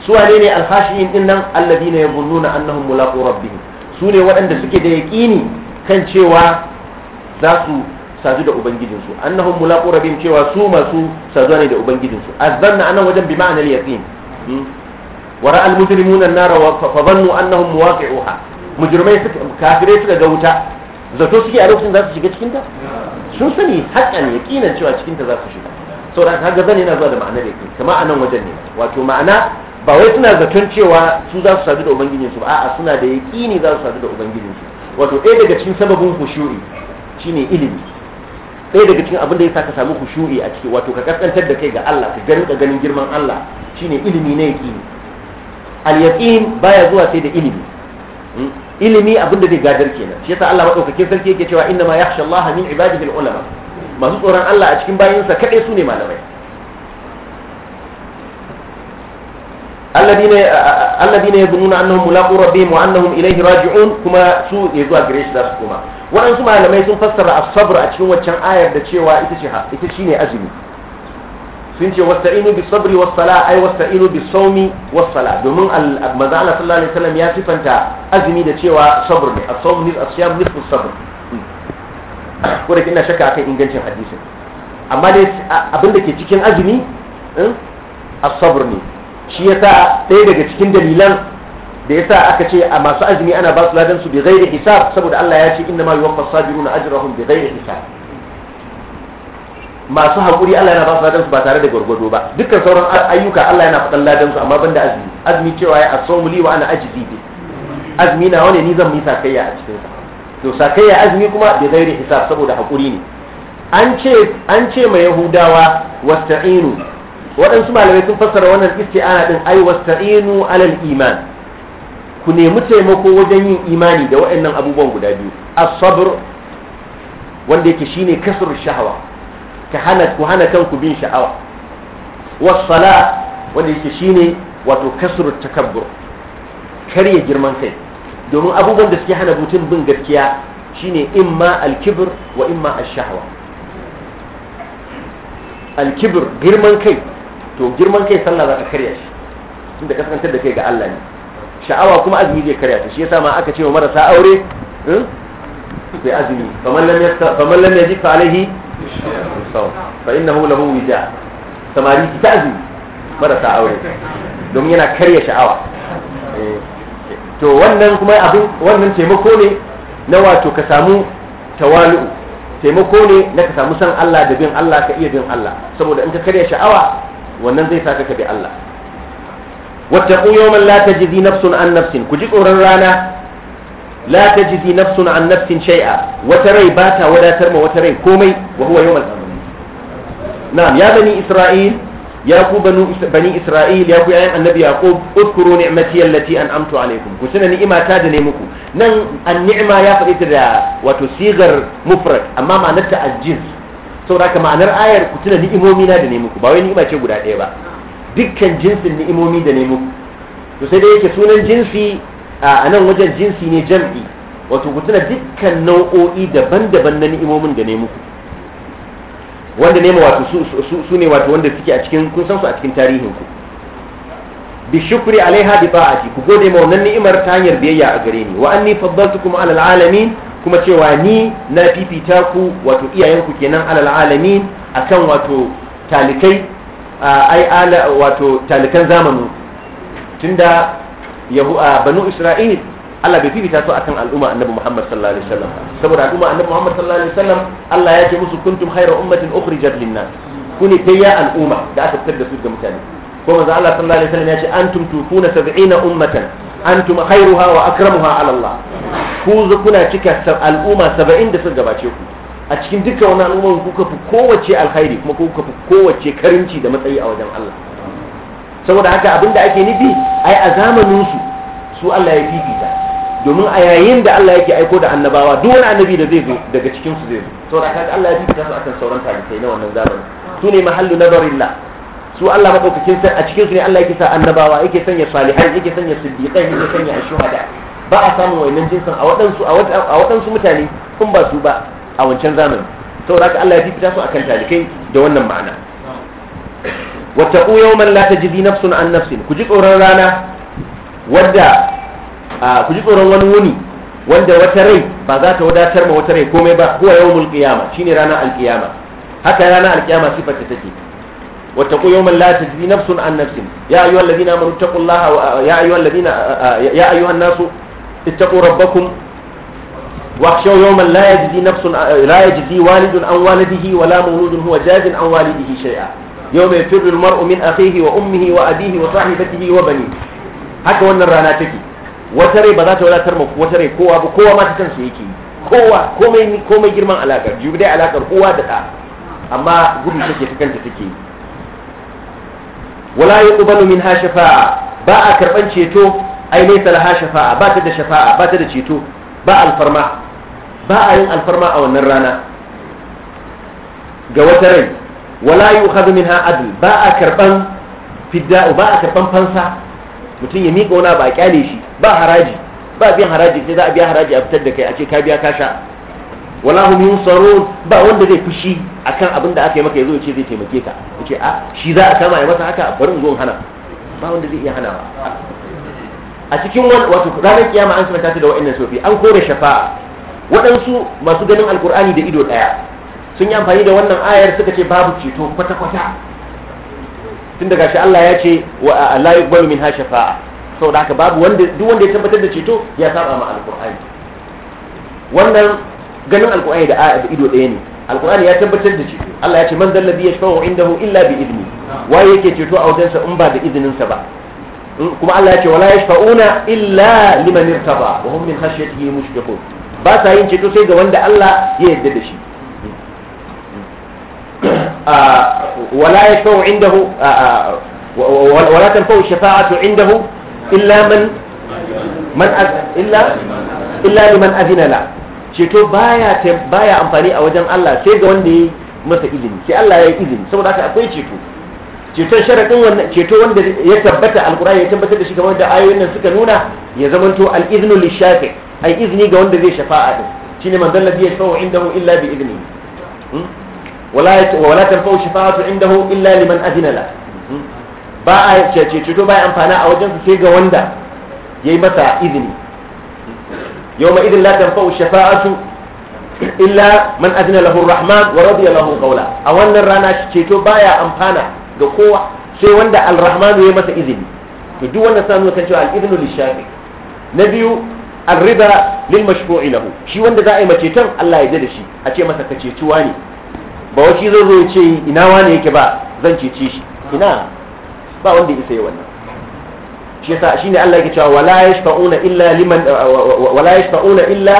su wane ne alhashiyin din nan alladina yazunnuna annahum mulaqu rabbihim su ne waɗanda suke da yaqini kan cewa za su sadu da ubangijinsu annahum mulaqu rabbihim cewa su masu saduwa ne da ubangijinsu azanna anan wajen bi ma'anar yaqin hmm? wa ra'a al-mujrimuna an-nara fa dhannu annahum muwaqi'uha mujrimai suka kafirai suka ga wuta zato suke a lokacin za su shiga cikin ta sun sani ne yaqinan cewa cikin ta za su shiga saboda kaga zan yana zuwa da ma'anar yaqin kama anan wajen ne wato ma'ana ba wai suna zaton cewa su za su sadu da ubangijinsu ba a'a suna da yaqini za su sadu da ubangijinsu wato ɗaya daga cikin sababin khushu'i shine ilimi ɗaya daga cikin abin da ya sa ka samu khushu'i a ciki wato ka kaskantar da kai ga Allah ka gani ka ganin girman Allah shine ilimi na yaqini al yaqin baya zuwa sai da ilimi hmm? ilimi abin da zai gadar kenan shi yasa Allah madaukakin sarki yake cewa inna ma yakhsha Allah min ibadihi al ulama masu tsoron Allah a cikin bayinsa kaɗai su ne malamai alladina yadununa annahum mulaqu rabbihim wa annahum ilayhi raji'un kuma su ya zuwa gare shi za su koma waɗansu malamai sun fassara asabar a cikin waccan ayar da cewa ita ce ita azumi sun ce inu bi sabri was sala ai wasta'inu bi sawmi was sala domin manzo Allah sallallahu alaihi wasallam ya sifanta azumi da cewa sabr ne as-sawm nisfu as-siyam nisfu as-sabr ko da ina shakka akan ingancin hadisin amma dai abin da ke cikin azumi hmm, as-sabr ne shi yasa ɗaya daga cikin dalilan da yasa aka ce a masu azumi ana ba su ladan su bi ghairi hisab saboda Allah ya ce inna ma yuwaffas sabiruna ajrahum bi ghairi hisab masu hakuri Allah yana ba su ladan su ba tare da gwargwado ba dukkan sauran ayyuka Allah yana faɗan ladan su amma banda azumi azumi cewa ya asawmu li wa ana ajzi bi azmina na ni zan misa sakayya a cikin sa to sakai ya azumi kuma da gairi hisab saboda hakuri ne an ce an ce ma yahudawa wasta'inu waɗansu malamai sun fassara wannan isti'ana din ai wasta'inu alal iman ku nemi taimako wajen yin imani da waɗannan abubuwan guda biyu as-sabr wanda yake shine kasr shahwa ka hana ku hana kanku bin sha'awa was-sala wanda yake shine wato kasr takabbur karya girman kai domin abubuwan da suke hana mutum bin gaskiya shine imma ma alkibir wa imma ma shahwa al girman kai to girman kai sallah za ka karya shi tunda kasantar da kai ga Allah ne sha'awa kuma azumi zai karya ta shi yasa ma aka ce wa marasa aure sai hmm? azumi faman lam yasta faman lam yaji fa ina saw fa innahu lahu wija samari ta azumi marasa aure domin yana karya sha'awa eh. to wannan kuma abin wannan taimako ne na wato ka samu tawali'u taimako ne na ka samu san Allah da bin Allah ka iya bin Allah saboda in ka karya sha'awa wannan zai saka ka bi Allah wattaqu yawman la tajzi nafsun an nafsin ku ji tsoron rana la tajzi nafsun an nafsin shay'a wata rai ba ta wadatar ma wata rai komai wa huwa yawmal qiyamah na'am ya bani isra'il ya ku bani isra'il ya ku yayan annabi yaqub udkuru ni'mati allati an'amtu alaikum ku tuna ni'imata da ne muku nan an-ni'ma ya faɗi ta da wato sigar mufrad amma ma'anar ta al saboda haka ma'anar ayar ku tuna ni'imomi na da ne muku ba wai ni'ima ce guda ɗaya ba dukkan jinsin ni'imomi da ne muku to sai dai yake sunan jinsi a nan wajen jinsi ne jam'i wato ku tuna dukkan nau'o'i daban-daban na ni'imomin da ne muku wanda ne wato su ne wato wanda suke a cikin kun san su a cikin tarihin ku bi shukri alaiha bi ta'ati ku gode ma wannan ni'imar ta hanyar biyayya a gare ni wa anni faddaltukum alal alamin kuma cewa ni na fifita ku wato iyayenku kenan alal alamin akan wato talikai ai ala wato talikan zamanin tunda yahu banu isra'il Allah bai fifita su akan al'umma annabi Muhammad sallallahu alaihi wasallam saboda al'umma annabi Muhammad sallallahu alaihi wasallam Allah ya ce musu kuntum khayra ummatin ukhrijat lin-nas kuni tayya al'umma da aka fitar da su ga mutane ko manzo Allah sallallahu alaihi wasallam ya ce antum tufuna 70 ummatan antum khayruha wa akramuha ala Allah ku kuna cika al'umma 70 da suka gabace ku a cikin dukkan wani al'umma kuka fi kowace alkhairi kuma kuka fi kowace karinci da matsayi a wajen Allah saboda haka abinda ake nufi ai a zamanin su su Allah ya fifita domin a yayin da Allah yake aiko da annabawa duk wani annabi da zai zo daga cikin su zai zo saboda kaga Allah ya bi ta su akan sauran talibai na wannan zamani su ne mahallu nazarillah su Allah madaukakin sai a cikin su ne Allah yake sa annabawa yake sanya salihai yake sanya siddiqai yake sanya ashuhada ba a samun wannan jinsin a waɗansu a waɗansu mutane kun ba su ba a wancan zamani saboda haka Allah ya fifita su akan talibai da wannan ma'ana taqu yawman la tajidi nafsun an nafsin ku ji tsoron rana wadda ku ji tsoron wani wuni wanda wata rai ba za ta wadatar ma wata rai komai ba huwa yawmul shi ne ranar alkiyama haka ranar alkiyama sifar ta take wattaqu yawman la tajzi nafsun an nafsin ya ayyuhal ladina amanu taqullaha ya ayyuhal ladina ya ayyuhan nasu ittaqu rabbakum واخشوا walidun an يجزي نفس لا يجزي والد عن والده ولا مولود هو جاز عن والده شيئا يوم wa المرء wa اخيه وامه وابيه wa وبنيه haka wannan rana take wata rai ba za ta wadatar ma wata rai kowa ba kowa ma ta kansa yake yi kowa komai komai girman alakar jibi dai alakar kowa da ta amma gudu take ta kanta take yi wala yuqbalu ha shafa'a ba a karban ceto ai laysa laha shafa'a ba ta da shafa'a ba ta da ceto ba alfarma ba a yin alfarma a wannan rana ga wata rai wala yu'khadhu minha adl ba a karban fidda ba a karban fansa mutum ya miƙa wani ba a kyale shi ba haraji ba biyan haraji sai za a biya haraji a fitar da kai a ce ka biya ka sha wala hum yunsarun ba wanda zai fushi akan abin da aka yi maka yazo ce zai taimake ka yace a shi za a kama ya masa haka bari in zo hana ba wanda zai iya hanawa a cikin wato ranar kiyama an sanata ta da wa'annan sofi an kore shafa'a waɗansu masu ganin alkur'ani da ido ɗaya sun yi amfani da wannan ayar suka ce babu ceto kwata-kwata tun daga shi Allah ya ce wa la yuqbalu minha shafa'a saboda haka babu wanda duk wanda ya tabbatar da ceto ya saba ma alqur'ani wannan ganin alqur'ani da a'a da ido ɗaya ne alqur'ani ya tabbatar da ceto Allah ya ce man dal bi yashfa'u indahu illa bi idni waye yake ceto a wajensa in ba da izinin sa ba hmm, kuma Allah ya ce wala yashfa'una illa liman irtaba wa hum min khashyatihi mushfiqun ba sa yin ceto sai ga wanda Allah ya yarda da shi ولا يشفع عنده ولا تنفع الشفاعة عنده illa man man illa liman azina la ceto baya baya amfani a wajen Allah sai ga wanda ya masa izini sai Allah ya yi izini saboda haka akwai ceto ceto sharadin wannan ceto wanda ya tabbata alqur'ani ya tabbatar da shi kamar da ayoyin nan suka nuna ya zamanto al-iznu lishafi ai izini ga wanda zai shafa'a din shine man dalla bi yashfa'u indahu illa bi idnihi hmm? wala wala tanfa'u shafa'atu indahu illa liman azina la ba a ceto ba ya amfana a wajensu sai ga wanda ya yi masa izini yau idin la tanfa'u shafa'atu illa man adina lahu rahman wa radiya lahu qawla a wannan rana ceto baya amfana ga kowa sai wanda al-rahman ya yi masa izini to duk wanda sanu kan cewa al-idnu lishafi na biyu al-rida lil mashfu'i lahu shi wanda za a yi tan Allah ya da shi a ce masa ka cetuwa ne ba wai shi zai zo ya ce ina wane yake ba zan cece shi ina ba wanda ya yi wannan shi yasa shine Allah yake cewa wala yashfa'una illa liman wala yashfa'una illa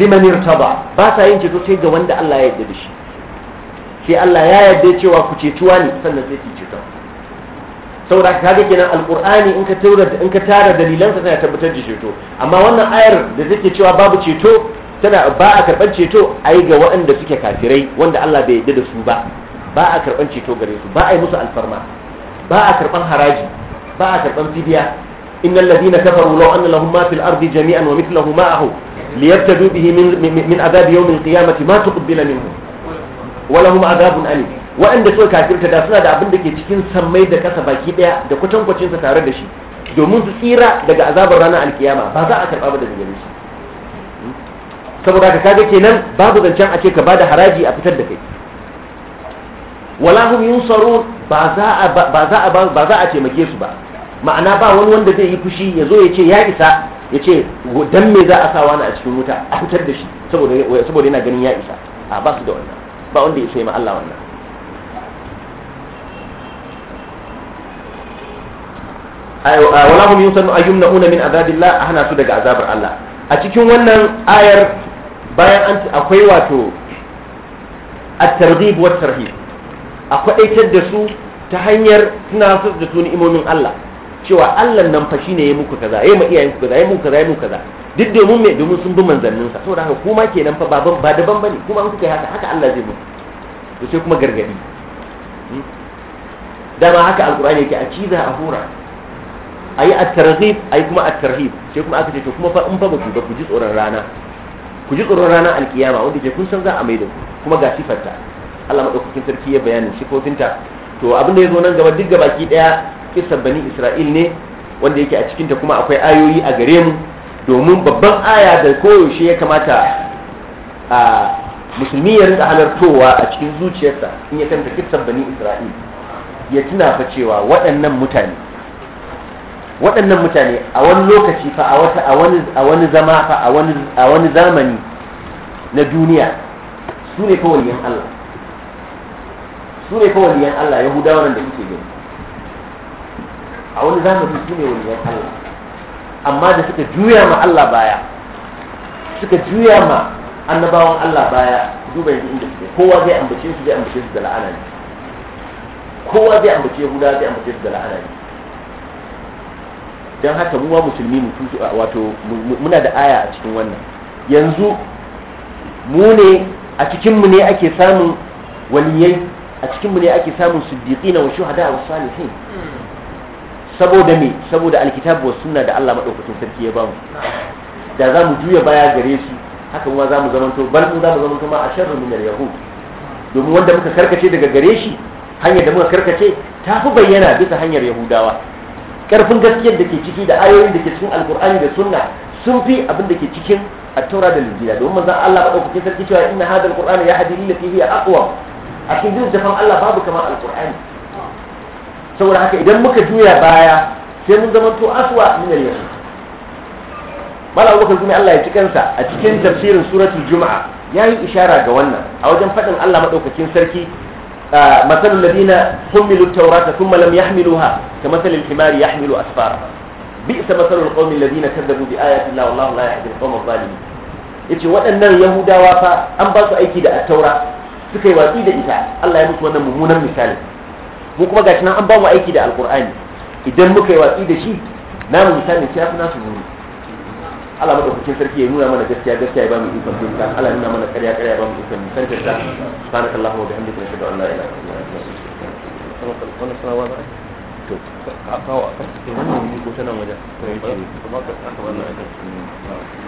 liman irtaba ba sa yin ceto sai ga wanda Allah ya yarda da shi sai Allah ya yarda cewa ku cetuwa ne sannan sai ku ceto saboda kaga kenan alqur'ani in ka in ka tara dalilan sa sai tabbatar da ceto amma wannan ayar da take cewa babu ceto tana ba a karban ceto ai ga waɗanda suke kafirai wanda Allah bai yarda da su ba ba a karban ceto gare su ba a yi musu alfarma ba a karban haraji ba a karban fidiya innal ladina kafaru law anna lahum ma fil ardi jami'an wa mithluhu ma'ahu liyabtadu bihi min min yawm al qiyamati ma tuqbila minhum wa lahum adabun alim wa'anda suka kafirta da suna da abin da ke cikin sammai da kasa baki daya da kwatankwacin sa tare da shi domin su tsira daga azabar ranar alkiyama ba za a karba ba daga gare shi hmm? saboda ka kaga kenan babu zancen a ce ka bada haraji a fitar da kai wala hum yunsarun ba za a ba za a ba za a taimake su ba ma'ana ba wani wanda zai yi fushi ya zo ya ce ya isa ya ce dan me za a sa wani a cikin wuta a fitar da shi saboda saboda yana ganin ya isa a ba su da wannan ba wanda ya sai ma Allah wannan wala hum yunsarun ayyumnauna min azabillah ahna su daga azabar Allah a cikin wannan ayar bayan an akwai wato at-targhib wat-tarhib a kwadaitar da su ta hanyar suna su da tuni imomin Allah cewa Allah nan fa shine ya muku kaza yayi ma iyayen ku kaza yayi muku kaza yayi muku kaza duk domin me domin sun bi manzannin sa saboda haka kuma kenan fa baban ba daban bane kuma an kuka yi haka haka Allah zai muku to sai kuma gargadi hmm? dama haka alqur'ani yake a ciza a hura ayi at-targhib ayi kuma at-tarhib sai kuma aka ce to kuma fa in fa ba ku ji tsoron rana ku ji tsoron rana alkiyama wanda ke kun san za a maida ku kuma ga sifarta Allah madaukakin sarki ya bayanin sifofinta to abin da ya zo nan gaba duk gabaki daya kisan bani Isra'il ne wanda yake a cikinta kuma akwai ayoyi a gare mu domin babban aya da koyaushe ya kamata a musulmi ya rinka halartowa a cikin zuciyarsa in ya kanta kisan bani Isra'il ya tuna fa cewa waɗannan mutane waɗannan mutane a wani lokaci fa a wata a wani zama fa a wani zamani na duniya su ne kawai yan Allah su ne kawai liyan Allah yahudawa nan da kuke gani a wani zamani su ne waliyan Allah amma da suka juya ma Allah baya suka juya ma annabawan Allah baya duba yanzu inda suke kowa zai ambace su zai ambace su da la'ana ne kowa zai ambace yahudawa zai ambace su da la'ana ne don haka mu ma musulmi mu wato muna da aya a cikin wannan yanzu mu ne a cikinmu ne ake samun waliyai a cikin mu ne ake samun siddiqina wa shuhada wa salihin saboda me saboda alkitabu wa sunna da Allah madaukakin sarki ya bamu da za mu juya baya gare su haka kuma za mu zamanto bal mu za mu zamanto ma a sharru min al-yahud domin wanda muka karkace daga gare shi hanyar da muka karkace ta fi bayyana bisa hanyar yahudawa karfin gaskiyar da ke ciki da ayoyin da ke cikin alkur'ani da sunna sun fi abin da ke cikin attaura da lijira domin manzon Allah madaukakin sarki cewa inna hadal qur'ana yahdi lillati hiya aqwam a cikin littafin Allah babu kamar alkur'ani saboda haka idan muka juya baya sai mun zama to aswa min al-yasu mala abubakar kuma Allah ya ci kansa a cikin tafsirin suratul juma'a yayi ishara ga wannan a wajen fadin Allah madaukakin sarki masalul ladina humilu tawrata thumma lam yahmiluha kamasalil himari yahmilu asfara bi'sa masalul qaumil ladina kadzabu bi ayati Allah wallahu la yahdi al-qawma adh-dhalimin yace waɗannan yahudawa fa an ba su aiki da at-taura suka yi watsi da ita Allah ya mutu wannan mummunan misali mu kuma gashi nan an ba mu aiki da alkur'ani idan muka yi watsi da shi na mu misali sai fi su zuru Allah dokokin sarki ya nuna mana gaskiya gaskiya ya ba mu ikon gaskiya Allah ya nuna mana ƙarya ƙarya ba mu ikon sarki gaskiya subhanakallahu wa bihamdika nashhadu an la ilaha illa anta astaghfiruka wa atubu ilaik to a kawo a kan wannan ne ko tana wajen ka ta wannan wajen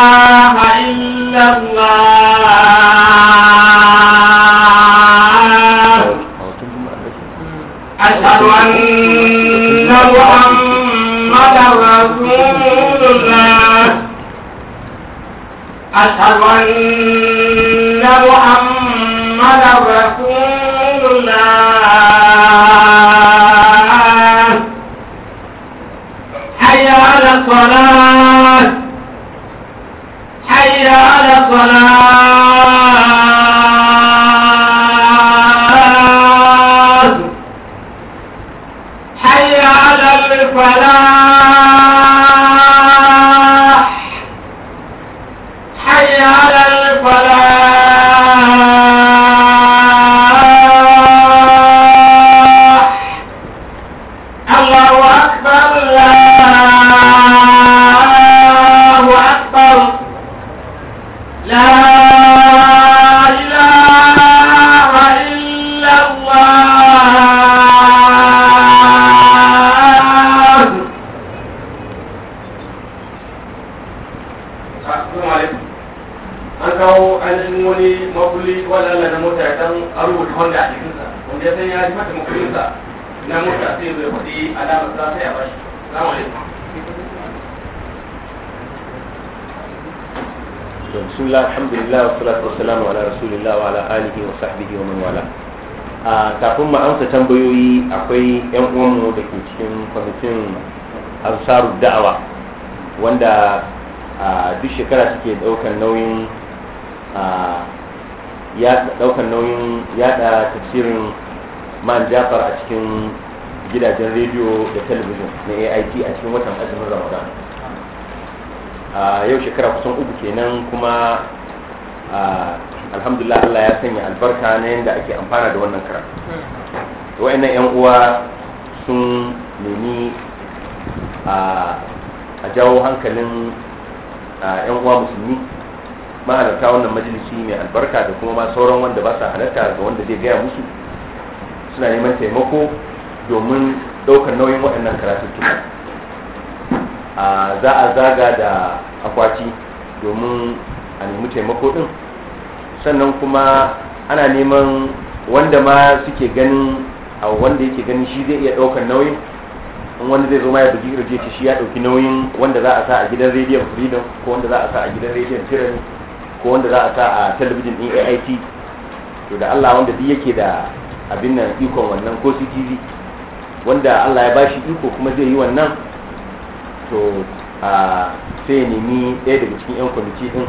man jafar a cikin gidajen rediyo da talabijin na ait a cikin watan azumin ramadan a yau shekara kusan uku kenan kuma alhamdulillah allah ya sanya albarka na yadda ake amfana da wannan karatu wa'annan yan uwa sun nemi a jawo hankalin yan uwa musulmi ma'anarta wannan majalisi mai albarka da kuma ma sauran wanda ba sa halatta ga wanda zai gaya musu suna neman taimako domin ɗaukar nauyin waɗannan a za a zaga da akwati domin a nemi taimako ɗin sannan kuma ana neman wanda ma suke ganin a wanda yake ganin shi zai iya ɗaukar nauyin in wanda zai zo ma ya bugi irje shi ya ɗauki nauyin wanda za a sa a gidan rediyon freedom ko wanda za a sa a gidan rediyon tyranny ko wanda za a sa a talabijin din AIT to da Allah wanda duk yake da abin nan ikon wannan ko su CTV wanda Allah ya bashi iko kuma zai yi wannan to sai ya nemi ɗaya daga cikin 'yan kwamiti ɗin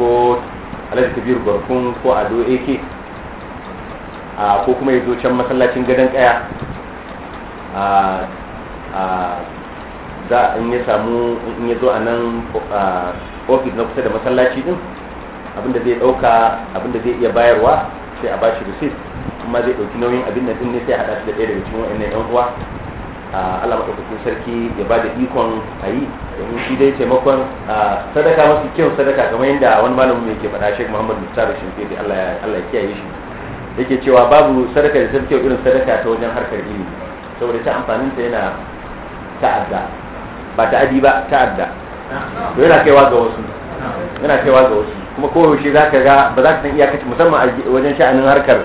ko alhaji kabir barkun ko ado ak ko kuma ya zo can masallacin gadon kaya a a za ya samu in ya zo a nan ofis na kusa da masallaci din abinda zai ɗauka abinda zai iya bayarwa sai a bashi receipt amma zai ɗauki nauyin abin da ne sai haɗa shi da ɗaya daga cikin wa'annan ɗan uwa Allah maɗaukakin sarki ya ba da ikon a yi domin shi dai taimakon sadaka masu kyau sadaka kamar yadda wani malamin yake faɗa Sheikh Muhammad da Shimfe da Allah ya kiyaye shi yake cewa babu sadaka da sarki kyau irin sadaka ta wajen harkar ilimi saboda ta ta yana ta'adda ba ta'adi ba ta'adda to yana kaiwa ga wasu yana kaiwa ga wasu kuma ko za ka ga ba za ka san iyakaci musamman a wajen sha'anin harkar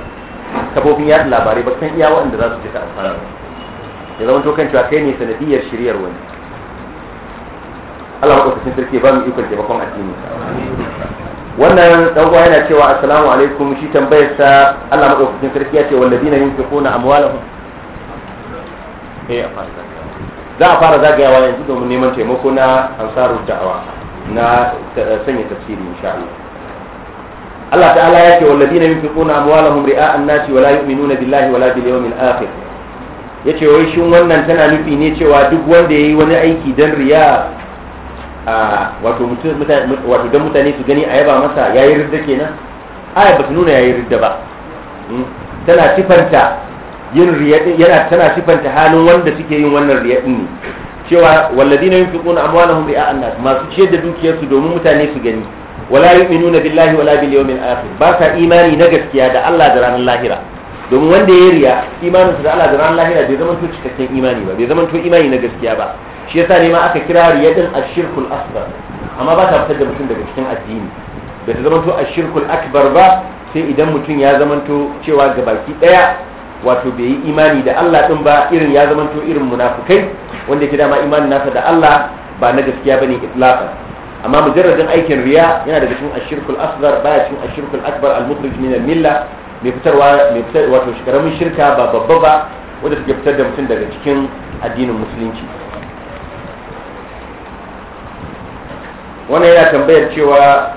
kafofin yaɗa labarai ba san iya waɗanda za su ji ka amfana ya zama to kan cewa kai ne sanadiyar shiryar wani Allah maɗaukacin sarki ba mu ikon taimakon addini wannan dan uwa yana cewa assalamu alaikum shi tambayar sa Allah madaukakin sarki ya ce walladina yunfiquna amwalahum eh a fara za a fara zagayawa yanzu domin neman taimako na ansarud da'awa na eh, sanya tafsiri insha Allah Allah ta'ala ya ce walladina yunfiquna amwalahum ri'a'an nasi wala la yu'minuna billahi wala la bil yawmil akhir yace wai shin wannan tana nufi ne cewa duk wanda yayi wani aiki dan riya a wato mutum wato dan mutane su gani a yaba masa yayi ridda kenan aya ba ta nuna yayi ridda ba hmm? tana sifanta yin riya yana tana sifanta halin wanda suke yin wannan riya din ne cewa walladina yunfiquna amwalahum ri'a'an nasi masu ciyar da dukiyarsu domin mutane su gani wala yu'minuna billahi wala bil yawmil akhir ba sa imani na gaskiya da Allah da ranar lahira domin wanda ya riya imaninsa da Allah da ranar lahira bai zama to cikakken imani ba bai zama to imani na gaskiya ba shi yasa ne ma aka kira riya din ashirkul asghar amma ba ta fitar da mutum daga cikin addini bai ta zama to ashirkul akbar ba sai idan mutum ya zama to cewa gabaki daya wato bai yi imani da Allah din ba irin ya zama to irin munafukai wanda ke dama imanin nasa da Allah ba na gaskiya bane itlaqan amma mujarradin aikin riya yana daga cikin ashirkul asghar baya cikin ashirkul akbar al-mukhrij min al-milla mai fitarwa mai fitar wato karamin shirka ba babba ba wanda take fitar da mutum daga cikin addinin musulunci wannan yana tambayar cewa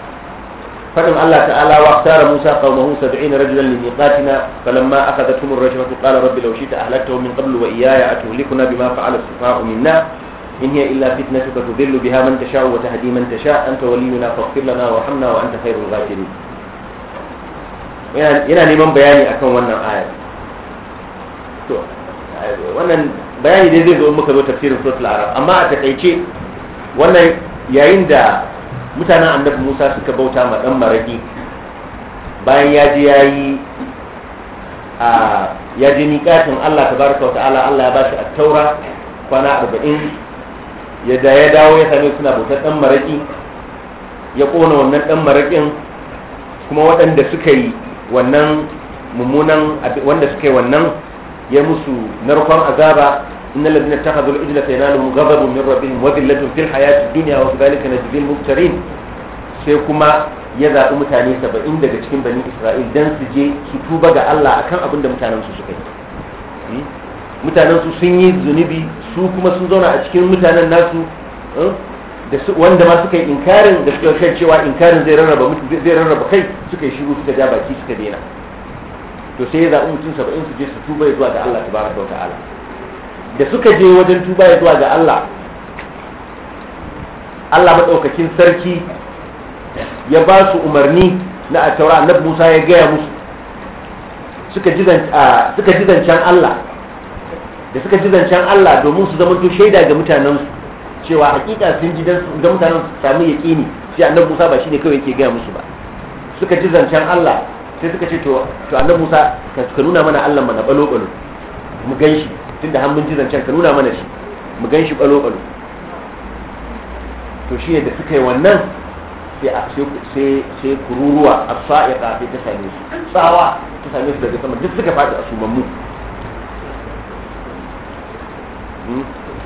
فقال الله تعالى واختار موسى قومه سبعين رجلا لميقاتنا فلما أخذتهم الرجفة قال رب لو شئت أهلكتهم من قبل وإياي أتهلكنا بما فعل السفهاء منا إن هي إلا فتنتك بها من تشاء وتهدي من تشاء أنت ولينا فاغفر لنا وارحمنا وأنت خير الغافرين yana neman bayani akan wannan ayar bayani dai zai zo muka zo tafsirin suratul arab amma a takaice wannan yayin da mutanen annabi Musa suka bauta ma dan maraki bayan ya je yayi a ya je miƙatin Allah tabaraka wa ta'ala Allah ya bashi a taura kwana 40 ya da ya dawo ya same suna bautar dan maraki ya kona wannan dan marakin kuma waɗanda suka yi wannan mummunan wanda suka yi wannan ya musu narkon azaba inna ladina takhadhu al-ijla sayanaluhum ghadabu min rabbihim wa dhillatun fil hayati dunya wa kadhalika najzil al sai kuma ya zaɓi mutane saba'in daga cikin bani isra'il dan su je su tuba ga Allah akan abin da mutanen su suka yi hmm? mutanen su sun yi zunubi su kuma sun zauna a cikin mutanen nasu eh, wanda ma suka yi inkarin da suka kai cewa inkarin zai rarraba zai rarraba kai suka yi shiru suka ja baki suka daina to sai ya zaɓi mutum saba'in su je su tuba zuwa ga Allah tabaraka wa ta'ala da suka je wajen tuba zuwa ga Allah Allah maɗaukakin sarki ya ba su umarni na a taura annabi Musa ya gaya musu suka ji zancen Allah da suka ji zancen Allah domin su to shaida ga mutanen su cewa hakika sun ji ga mutanen su samu yaqini sai annabi Musa ba shine kawai yake gaya musu ba suka ji zancen Allah sai suka ce to to annabi Musa ka nuna mana Allah mana balo balo mu gan shi tunda har mun ji zancen ka nuna mana shi mu gan shi balo balo to shine da suka yi wannan sai sai kururuwa as-sa'iqa sai ta same su tsawa ta same su daga sama duk suka faɗi a sumammu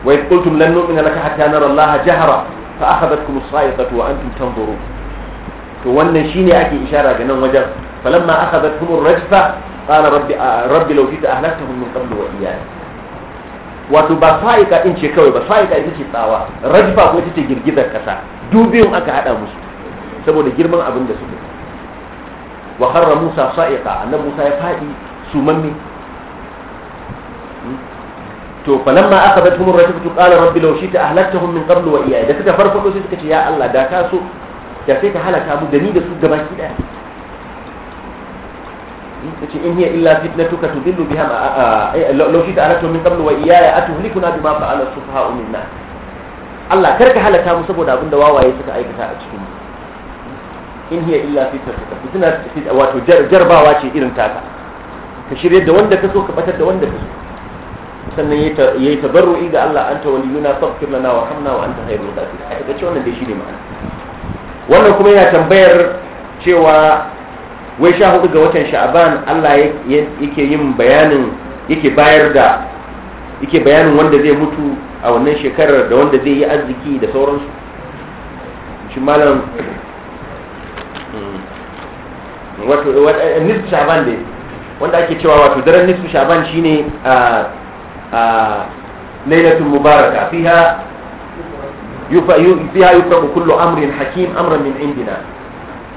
wa idh qultum lan nu'mina laka hatta nara Allah jahra fa akhadhatkum as-sa'iqatu wa antum tanzurun to wannan shine ake ishara ga nan wajen falamma akhadhatkum ar-rajfa qala rabbi rabbi law fita ahlaktahum min qablu wa iyaya wato ba sa'iqa din ce kawai ba sa'iqa ita ce tsawa rajfa ko ita ce girgizar kasa dubiyun aka hada musu saboda girman abin da suka wa harra Musa sa'iqa annabi Musa ya fadi sumanni to falamma akhadathum ar-rajfatu qala rabbi law shi'ta ahlaktahum min qablu wa iyaya da suka farko sai suka ce ya Allah da ka so da sai ka halaka mu da ni da su gabaki daya kace in hiya illa fitnatuka tudillu biha law shi'ta ahlaktahum min qablu wa iyaya atuhlikuna bima fa'ala sufaha'u minna Allah kar ka halaka mu saboda abin da wawaye suka aikata a cikin mu in hiya illa fitnatuka fitna wato jarbawa ce irin taka ka shirye da wanda ka so ka batar da wanda ka so sannan ya yi tabarru'i ga Allah anta yuna sabkir lana wa hamna wa anta khairul ghafirin a kace wannan dai shine ma'ana wannan kuma yana tambayar cewa wai sha hudu ga watan sha'aban Allah yake yin bayanin yake bayar da yake bayanin wanda zai mutu a wannan shekarar da wanda zai yi arziki da sauransu shi malam wato eh, nisfu sha'aban dai wanda ake cewa wato daren nisfu sha'aban shine a ah, ليلة مباركة فيها فيها يفرق كل أمر حكيم أمرا من عندنا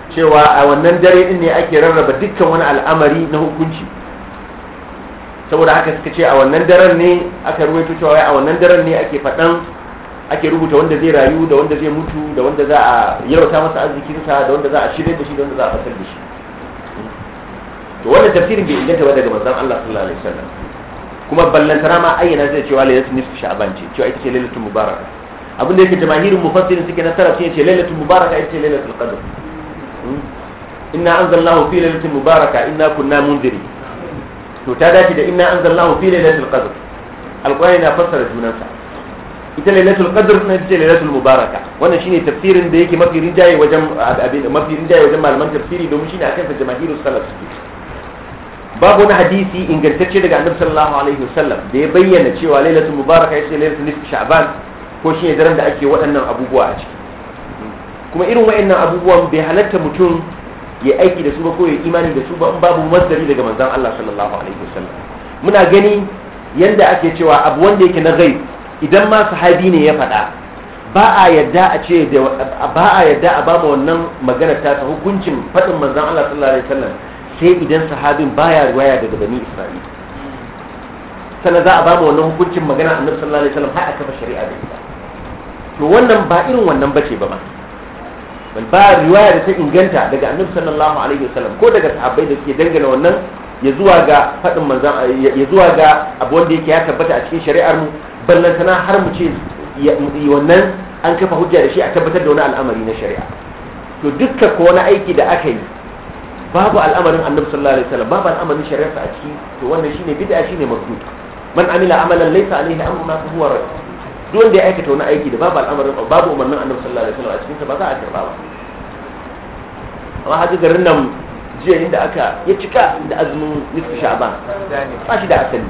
cewa a wannan dare din ne ake rarraba dukkan wani al'amari na hukunci saboda haka suka ce a wannan daren ne aka ruwaito cewa a wannan daren ne ake faɗan ake rubuta wanda zai rayu da wanda zai mutu da wanda za a yalwata masa arzikinsa da wanda za a shirya da shi da wanda za a fasar da shi to wannan tafsirin bai inganta ba daga manzon Allah sallallahu alaihi wasallam kuma ballantana ma ayyana zai cewa lailatul nisfi sha'ban ce cewa ita ce lailatul mubaraka abin da yake jamahirin mufassirin suke nasara sun ce lailatul mubaraka ita ce lailatul qadr hmm? inna anzalnahu fi lailatul mubaraka inna kunna munziri to ta dace da inna anzalnahu fi lailatul qadr alqur'ani na fassara junansa ita lailatul qadr na ce lailatul mubaraka wannan shine tafsirin da yake mafi rinjaye wajen mafi rinjaye wajen malaman tafsiri domin shine akan sa jamahirus salaf suke babu wani hadisi ingantacce daga annabi sallallahu alaihi wasallam da ya bayyana cewa lailatul mubaraka yace lailatul nisfi sha'ban ko shi ne daren da ake waɗannan abubuwa a ciki kuma irin waɗannan abubuwan bai halatta mutum ya aiki da su ba ko ya imani da su ba in babu masdari daga manzon Allah sallallahu alaihi wasallam muna gani yanda ake cewa abu wanda yake na ghaib idan ma sahabi ne ya faɗa ba a yadda a ce ba a yadda a ba wannan magana ta hukuncin faɗin manzon Allah sallallahu alaihi wasallam sai idan sahabin baya ruwaya daga bani isra'ila sannan za a ba mu wannan hukuncin magana nufin sallallahu alaihi wasallam har a kafa shari'a da ita to wannan ba irin wannan bace ba ma bal ba riwaya da ta inganta daga annabi sallallahu alaihi wasallam ko daga sahabbai da suke dangana wannan ya zuwa ga fadin manzan ya zuwa ga abu wanda yake ya tabbata a cikin shari'ar mu ballan sana har mu ce wannan an kafa hujja da shi a tabbatar da wani al'amari na shari'a to dukkan ko wani aiki da aka yi babu al'amarin annabi sallallahu alaihi wasallam babu al'amarin shari'arsa a ciki to wannan shine bid'a shine mabdu' man amila amalan laysa alaihi amruna fa huwa rad duk wanda ya aikata wani aiki da babu al'amarin babu umarnin annabi sallallahu alaihi wasallam a cikin sa ba za a karba ba amma haji garin nan jiya inda aka ya cika da azumin nisfi sha'ban ba shi da asali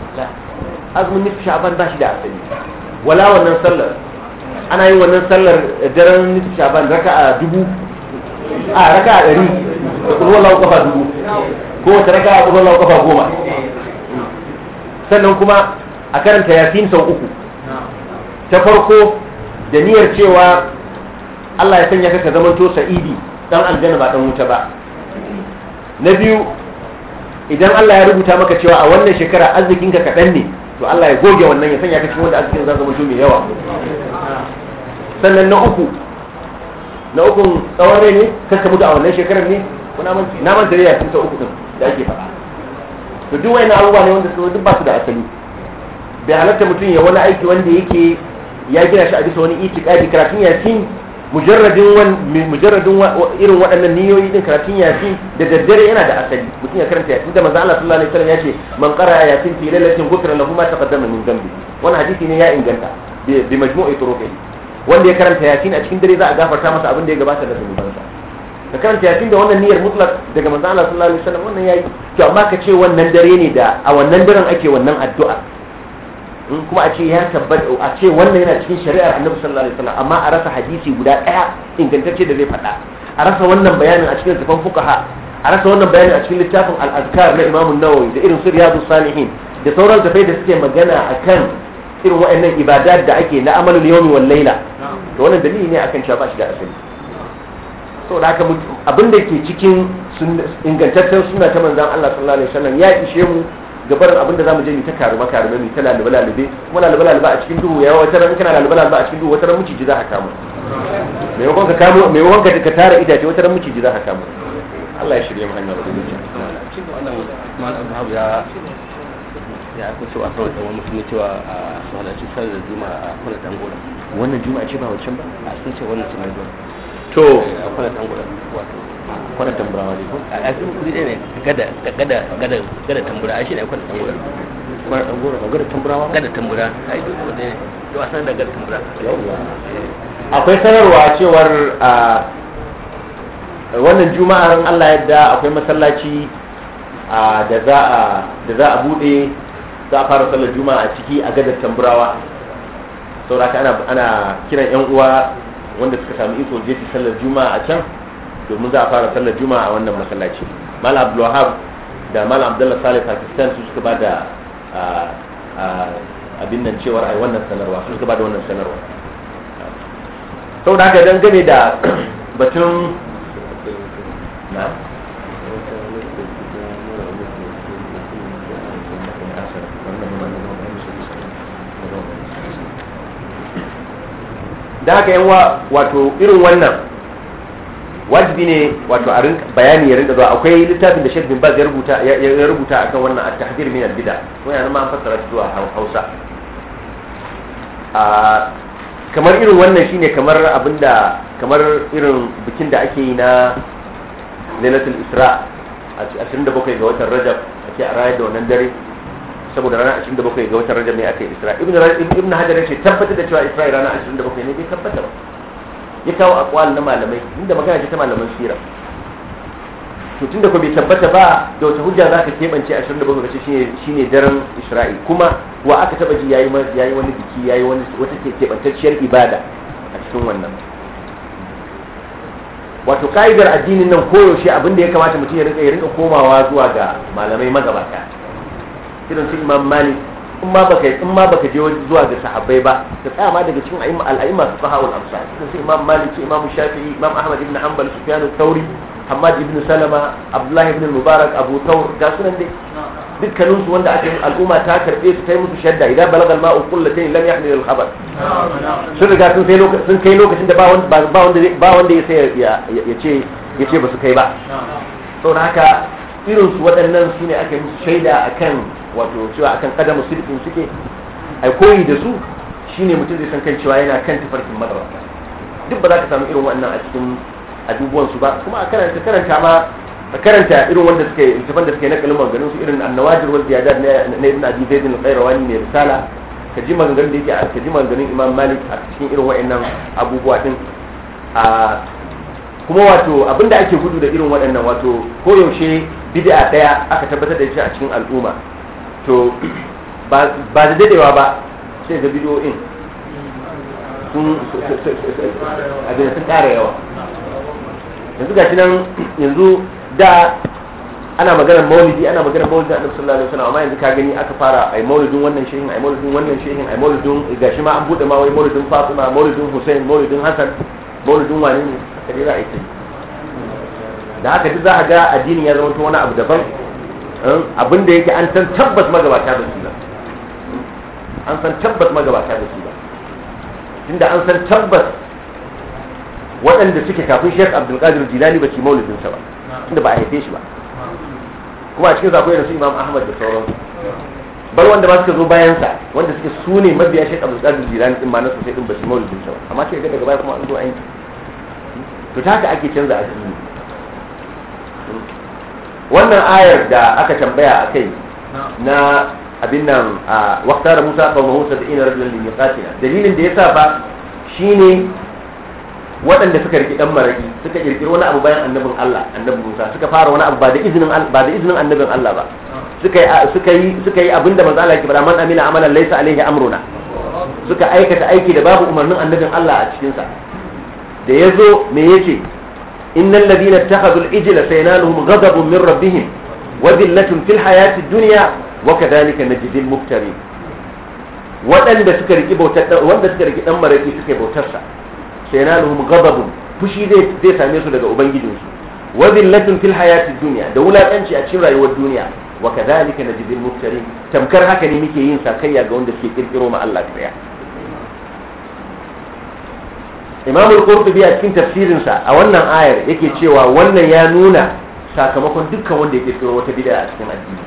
azumin nisfi sha'ban ba shi da asali wala wannan sallar ana yin wannan sallar daren nisfi sha'ban raka'a dubu a raka'a ɗari da kulwar lawa kafa dubu ko wata raka a kafa goma sannan kuma a karanta yasin sau uku ta farko da niyyar cewa Allah ya sanya ka ka zamanto sa'idi dan aljanna ba dan wuta ba na biyu idan Allah ya rubuta maka cewa a wannan shekara arzikin ka kaɗan ne to Allah ya goge wannan ya sanya ka cikin wanda arzikin za zama mai yawa sannan na uku na uku tsawon rai ne kar ka mutu a wannan shekarar ne kuna manci na manta riya ta uku din da ake faɗa to duk wayannan abubuwa ne wanda su duk ba su da asali bai halatta mutum ya wani aiki wanda yake ya gina shi a bisa wani itikadi karatun yasin mujarradin wan mujarradin irin waɗannan niyoyi din karatun yasin da daddare yana da asali mutum ya karanta yasin da manzo Allah sallallahu alaihi wasallam ya ce man qara yasin fi lailatin ghufira lahu ma taqaddama min dhanbi wannan hadisi ne ya inganta bi majmu'i turuqihi wanda ya karanta yasin a cikin dare za a gafarta masa abin da ya gabata da zunubansa ka karanta yasin da wannan niyyar mutlak daga manzo Allah sallallahu alaihi wasallam wannan yayi to amma ka ce wannan dare ne da a wannan daren ake wannan addu'a in kuma a ce ya tabbata a ce wannan yana cikin shari'ar Annabi sallallahu alaihi wasallam amma a rasa hadisi guda daya ingantacce da zai faɗa a rasa wannan bayanin a cikin littafin fuqaha a rasa wannan bayanin a cikin littafin al-azkar na Imam an-Nawawi da irin su riyadus salihin da sauran tafai da suke magana akan irin waɗannan ibadat da ake na amalul yawmi wal laila to wannan dalili ne akan cewa ba shi da asali saboda haka abin da ke cikin ingantaccen suna ta manzan Allah sallallahu alaihi wasallam ya ishe mu ga barin abin da zamu je ni ta karuma karuma mu ta lalube lalube kuma lalube lalube a cikin duhu ya wata ran kana lalube lalube a cikin duhu wata ran miciji za ka kama maimakon ka kamo maimakon ka tara idaje wata ran miciji za ka kama Allah ya shirye mu hanyar rubutu wannan malam ya ya ku cewa kawai da wani mutum cewa a sallar juma'a a kula dangora wannan juma'a ce ba wancan ba a sun ce wannan ce mai to akwai sanarwa cewar a wannan juma'ar Allah yadda akwai masallaci da za a bude za a fara sallar juma'a a ciki a gadar tamburawa saboda ana kiran yan uwa wanda suka samu iko je su sallar juma'a a can domin za a fara sallar juma'a a wannan masallaci mal wahab da mal abdullah salih pakistan su suka ba da abin nan cewar ai wannan sanarwa su suka ba da wannan sanarwa saboda haka dangane da <clears throat> batun na da haka yawa wato irin wannan wajibi ne wato a bayani ya rinka zuwa akwai littafin da Sheikh bin Baz ya rubuta ya rubuta akan wannan a tahdhir min albida ko yana ma an fassara shi zuwa Hausa ah, kamar irin wannan shine kamar abinda kamar irin bikin da ake yi na Lailatul Isra a 27 ga watan Rajab ake a rayar da wannan dare saboda ranar 27 ga watan rajab ne aka yi isra ibn ibn hajar yace tabbatar da cewa isra ranar 27 ne bai tabbata ba ya kawo aqwal na malamai inda magana ce ta malaman sira to tunda ko bai tabbata ba da wata hujja zaka kebance 27 ce shine shine daren isra'i kuma wa aka taba ji yayi yayi wani biki yayi wani wata kebantacciyar ibada a cikin wannan wato ka'idar addinin nan koyaushe abinda ya kamata mutum ya ya rinka komawa zuwa ga malamai magabata irin su imam malik in ma baka in ma baka je zuwa ga sahabbai ba ka tsaya ma daga cikin a'imma al-a'imma fuqaha wal amsal irin su imam malik su imam shafi'i imam ahmad ibn hanbal sufyan al-thawri hamad ibn salama abdullah ibn mubarak abu thawr ga sunan dai dukkanin su wanda ake al'umma ta karbe su kai musu shadda idan balaga al-ma'u qullatayn lam yahmil al-khabar sun riga sun kai lokacin sun kai lokacin da ba wanda ba wanda ba wanda ya ce ya ce ba su kai ba saboda haka irin su waɗannan su ne aka yi shaida kan wato cewa akan kadamu sirkin suke ai koyi da su shine mutum zai san kan cewa yana kan tafarkin madarasa duk ba za ka samu irin wannan a cikin abubuwan su ba kuma a karanta karanta ma a karanta irin wanda suke yi da suke na kalmar maganin su irin annawajir wal ziyadat na ibn abi zaid al-qayrawani ne risala ka ji maganganun da yake ka ji maganganun imam malik a cikin irin waɗannan abubuwa din a kuma wato abinda ake gudu da irin waɗannan wato koyaushe bid'a daya aka tabbatar da shi a cikin al'umma to ba da dadewa ba sai ga bid'o'in sun abin sun ƙara yawa yanzu gashi nan yanzu da ana maganar maulidi ana maganar maulidi a sallallahu lalata wasallam amma yanzu ka gani aka fara a maulidin wannan shehin a maulidin wannan shehin a maulidin gashi ma an bude ma wai maulidin Fatima maulidin Hussein maulidin Hassan maulidin wani ne kadira ai da haka duk za a ga addinin ya zama wani abu daban eh, abin da yake an san tabbas magabata da su ba an san tabbas magabata da su ba tunda an san tabbas waɗanda suke kafin Sheikh Abdul Qadir Jilani ba ci maulidin sa ba tunda ba a haife shi ba kuma a cikin zakoyi da su Imam Ahmad da sauran bar wanda ba suka zo bayan sa wanda suke su ne mabiya Sheikh Abdul Qadir Jilani din ma na sosai din ba ci maulidin sa ba amma sai ga daga baya kuma an zo an to ta haka ake canza addini wannan ayar da aka tambaya a kai na abin nan a waktara musa da ina rajulan li katina dalilin da ya sa ba shine waɗanda suka riki dan maraƙi suka ƙirƙiri wani abu bayan annabin Allah annabi Musa suka fara wani abu ba da izinin annabin Allah ba suka yi abin da suka yi abinda manzo Allah ya man Amina amalan laysa alaihi amruna suka aikata aiki da babu umarnin annabin Allah a cikin sa da yazo me yake innal ladina ittakhadhu al-ijla sayanaluhum ghadabun min rabbihim wa suka riki bautar wanda suka riki dan maraki suka bautar sa zai same su daga ubangijinsu wa dhillatun fil da wulaƙanci a cikin rayuwar duniya wa kadhalika tamkar haka ne muke yin sakayya ga wanda suke ƙirƙiro ma Allah ɗaya. imam al-qurtubi a cikin tafsirinsa a wannan ayar yake cewa wannan ya nuna sakamakon dukkan wanda yake tsoro wata bid'a a cikin addini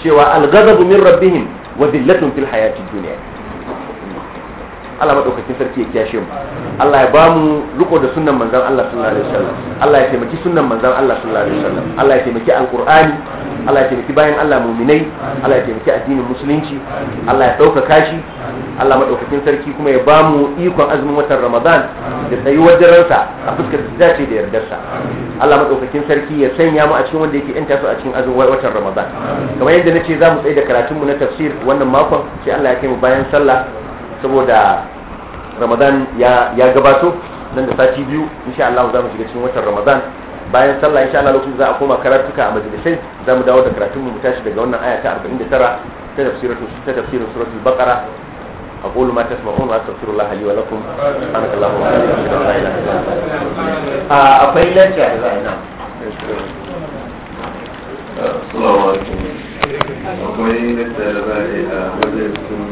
cewa al-ghadabu min rabbihim wa dillatun fil hayatid dunya Allah madaukakin sarki ya kiyashe mu Allah ya bamu riko da sunnan manzon Allah sallallahu alaihi wasallam Allah ya taimaki sunnan manzon Allah sallallahu alaihi wasallam Allah ya taimaki alqur'ani Allah ya taimaki bayan Allah mu'minai Allah ya taimaki addinin musulunci Allah ya dauka shi Allah madaukakin sarki kuma ya bamu ikon azumin watan Ramadan da tsayuwar daransa a fuskar dace da yardarsa Allah madaukakin sarki ya sanya mu a cikin wanda yake yanta su a cikin azumin watan Ramadan kamar yadda nace za mu tsaye da karatunmu na tafsir wannan makon sai Allah ya kai mu bayan sallah saboda ramadan ya gabato nan da sati biyu insha Allah za mu shiga cikin watan ramadan bayan sallah insha Allah lokacin za a koma karatuka a majalisai za mu dawo da karatun mu tashi daga wannan aya ta 49 ta tafsiratu ta tafsirin suratul baqara aqulu ma tasma'un wa astaghfirullah li wa lakum subhanakallahu wa bihamdika la ilaha illa anta akwai lacca da za a nan assalamu alaikum akwai lacca da za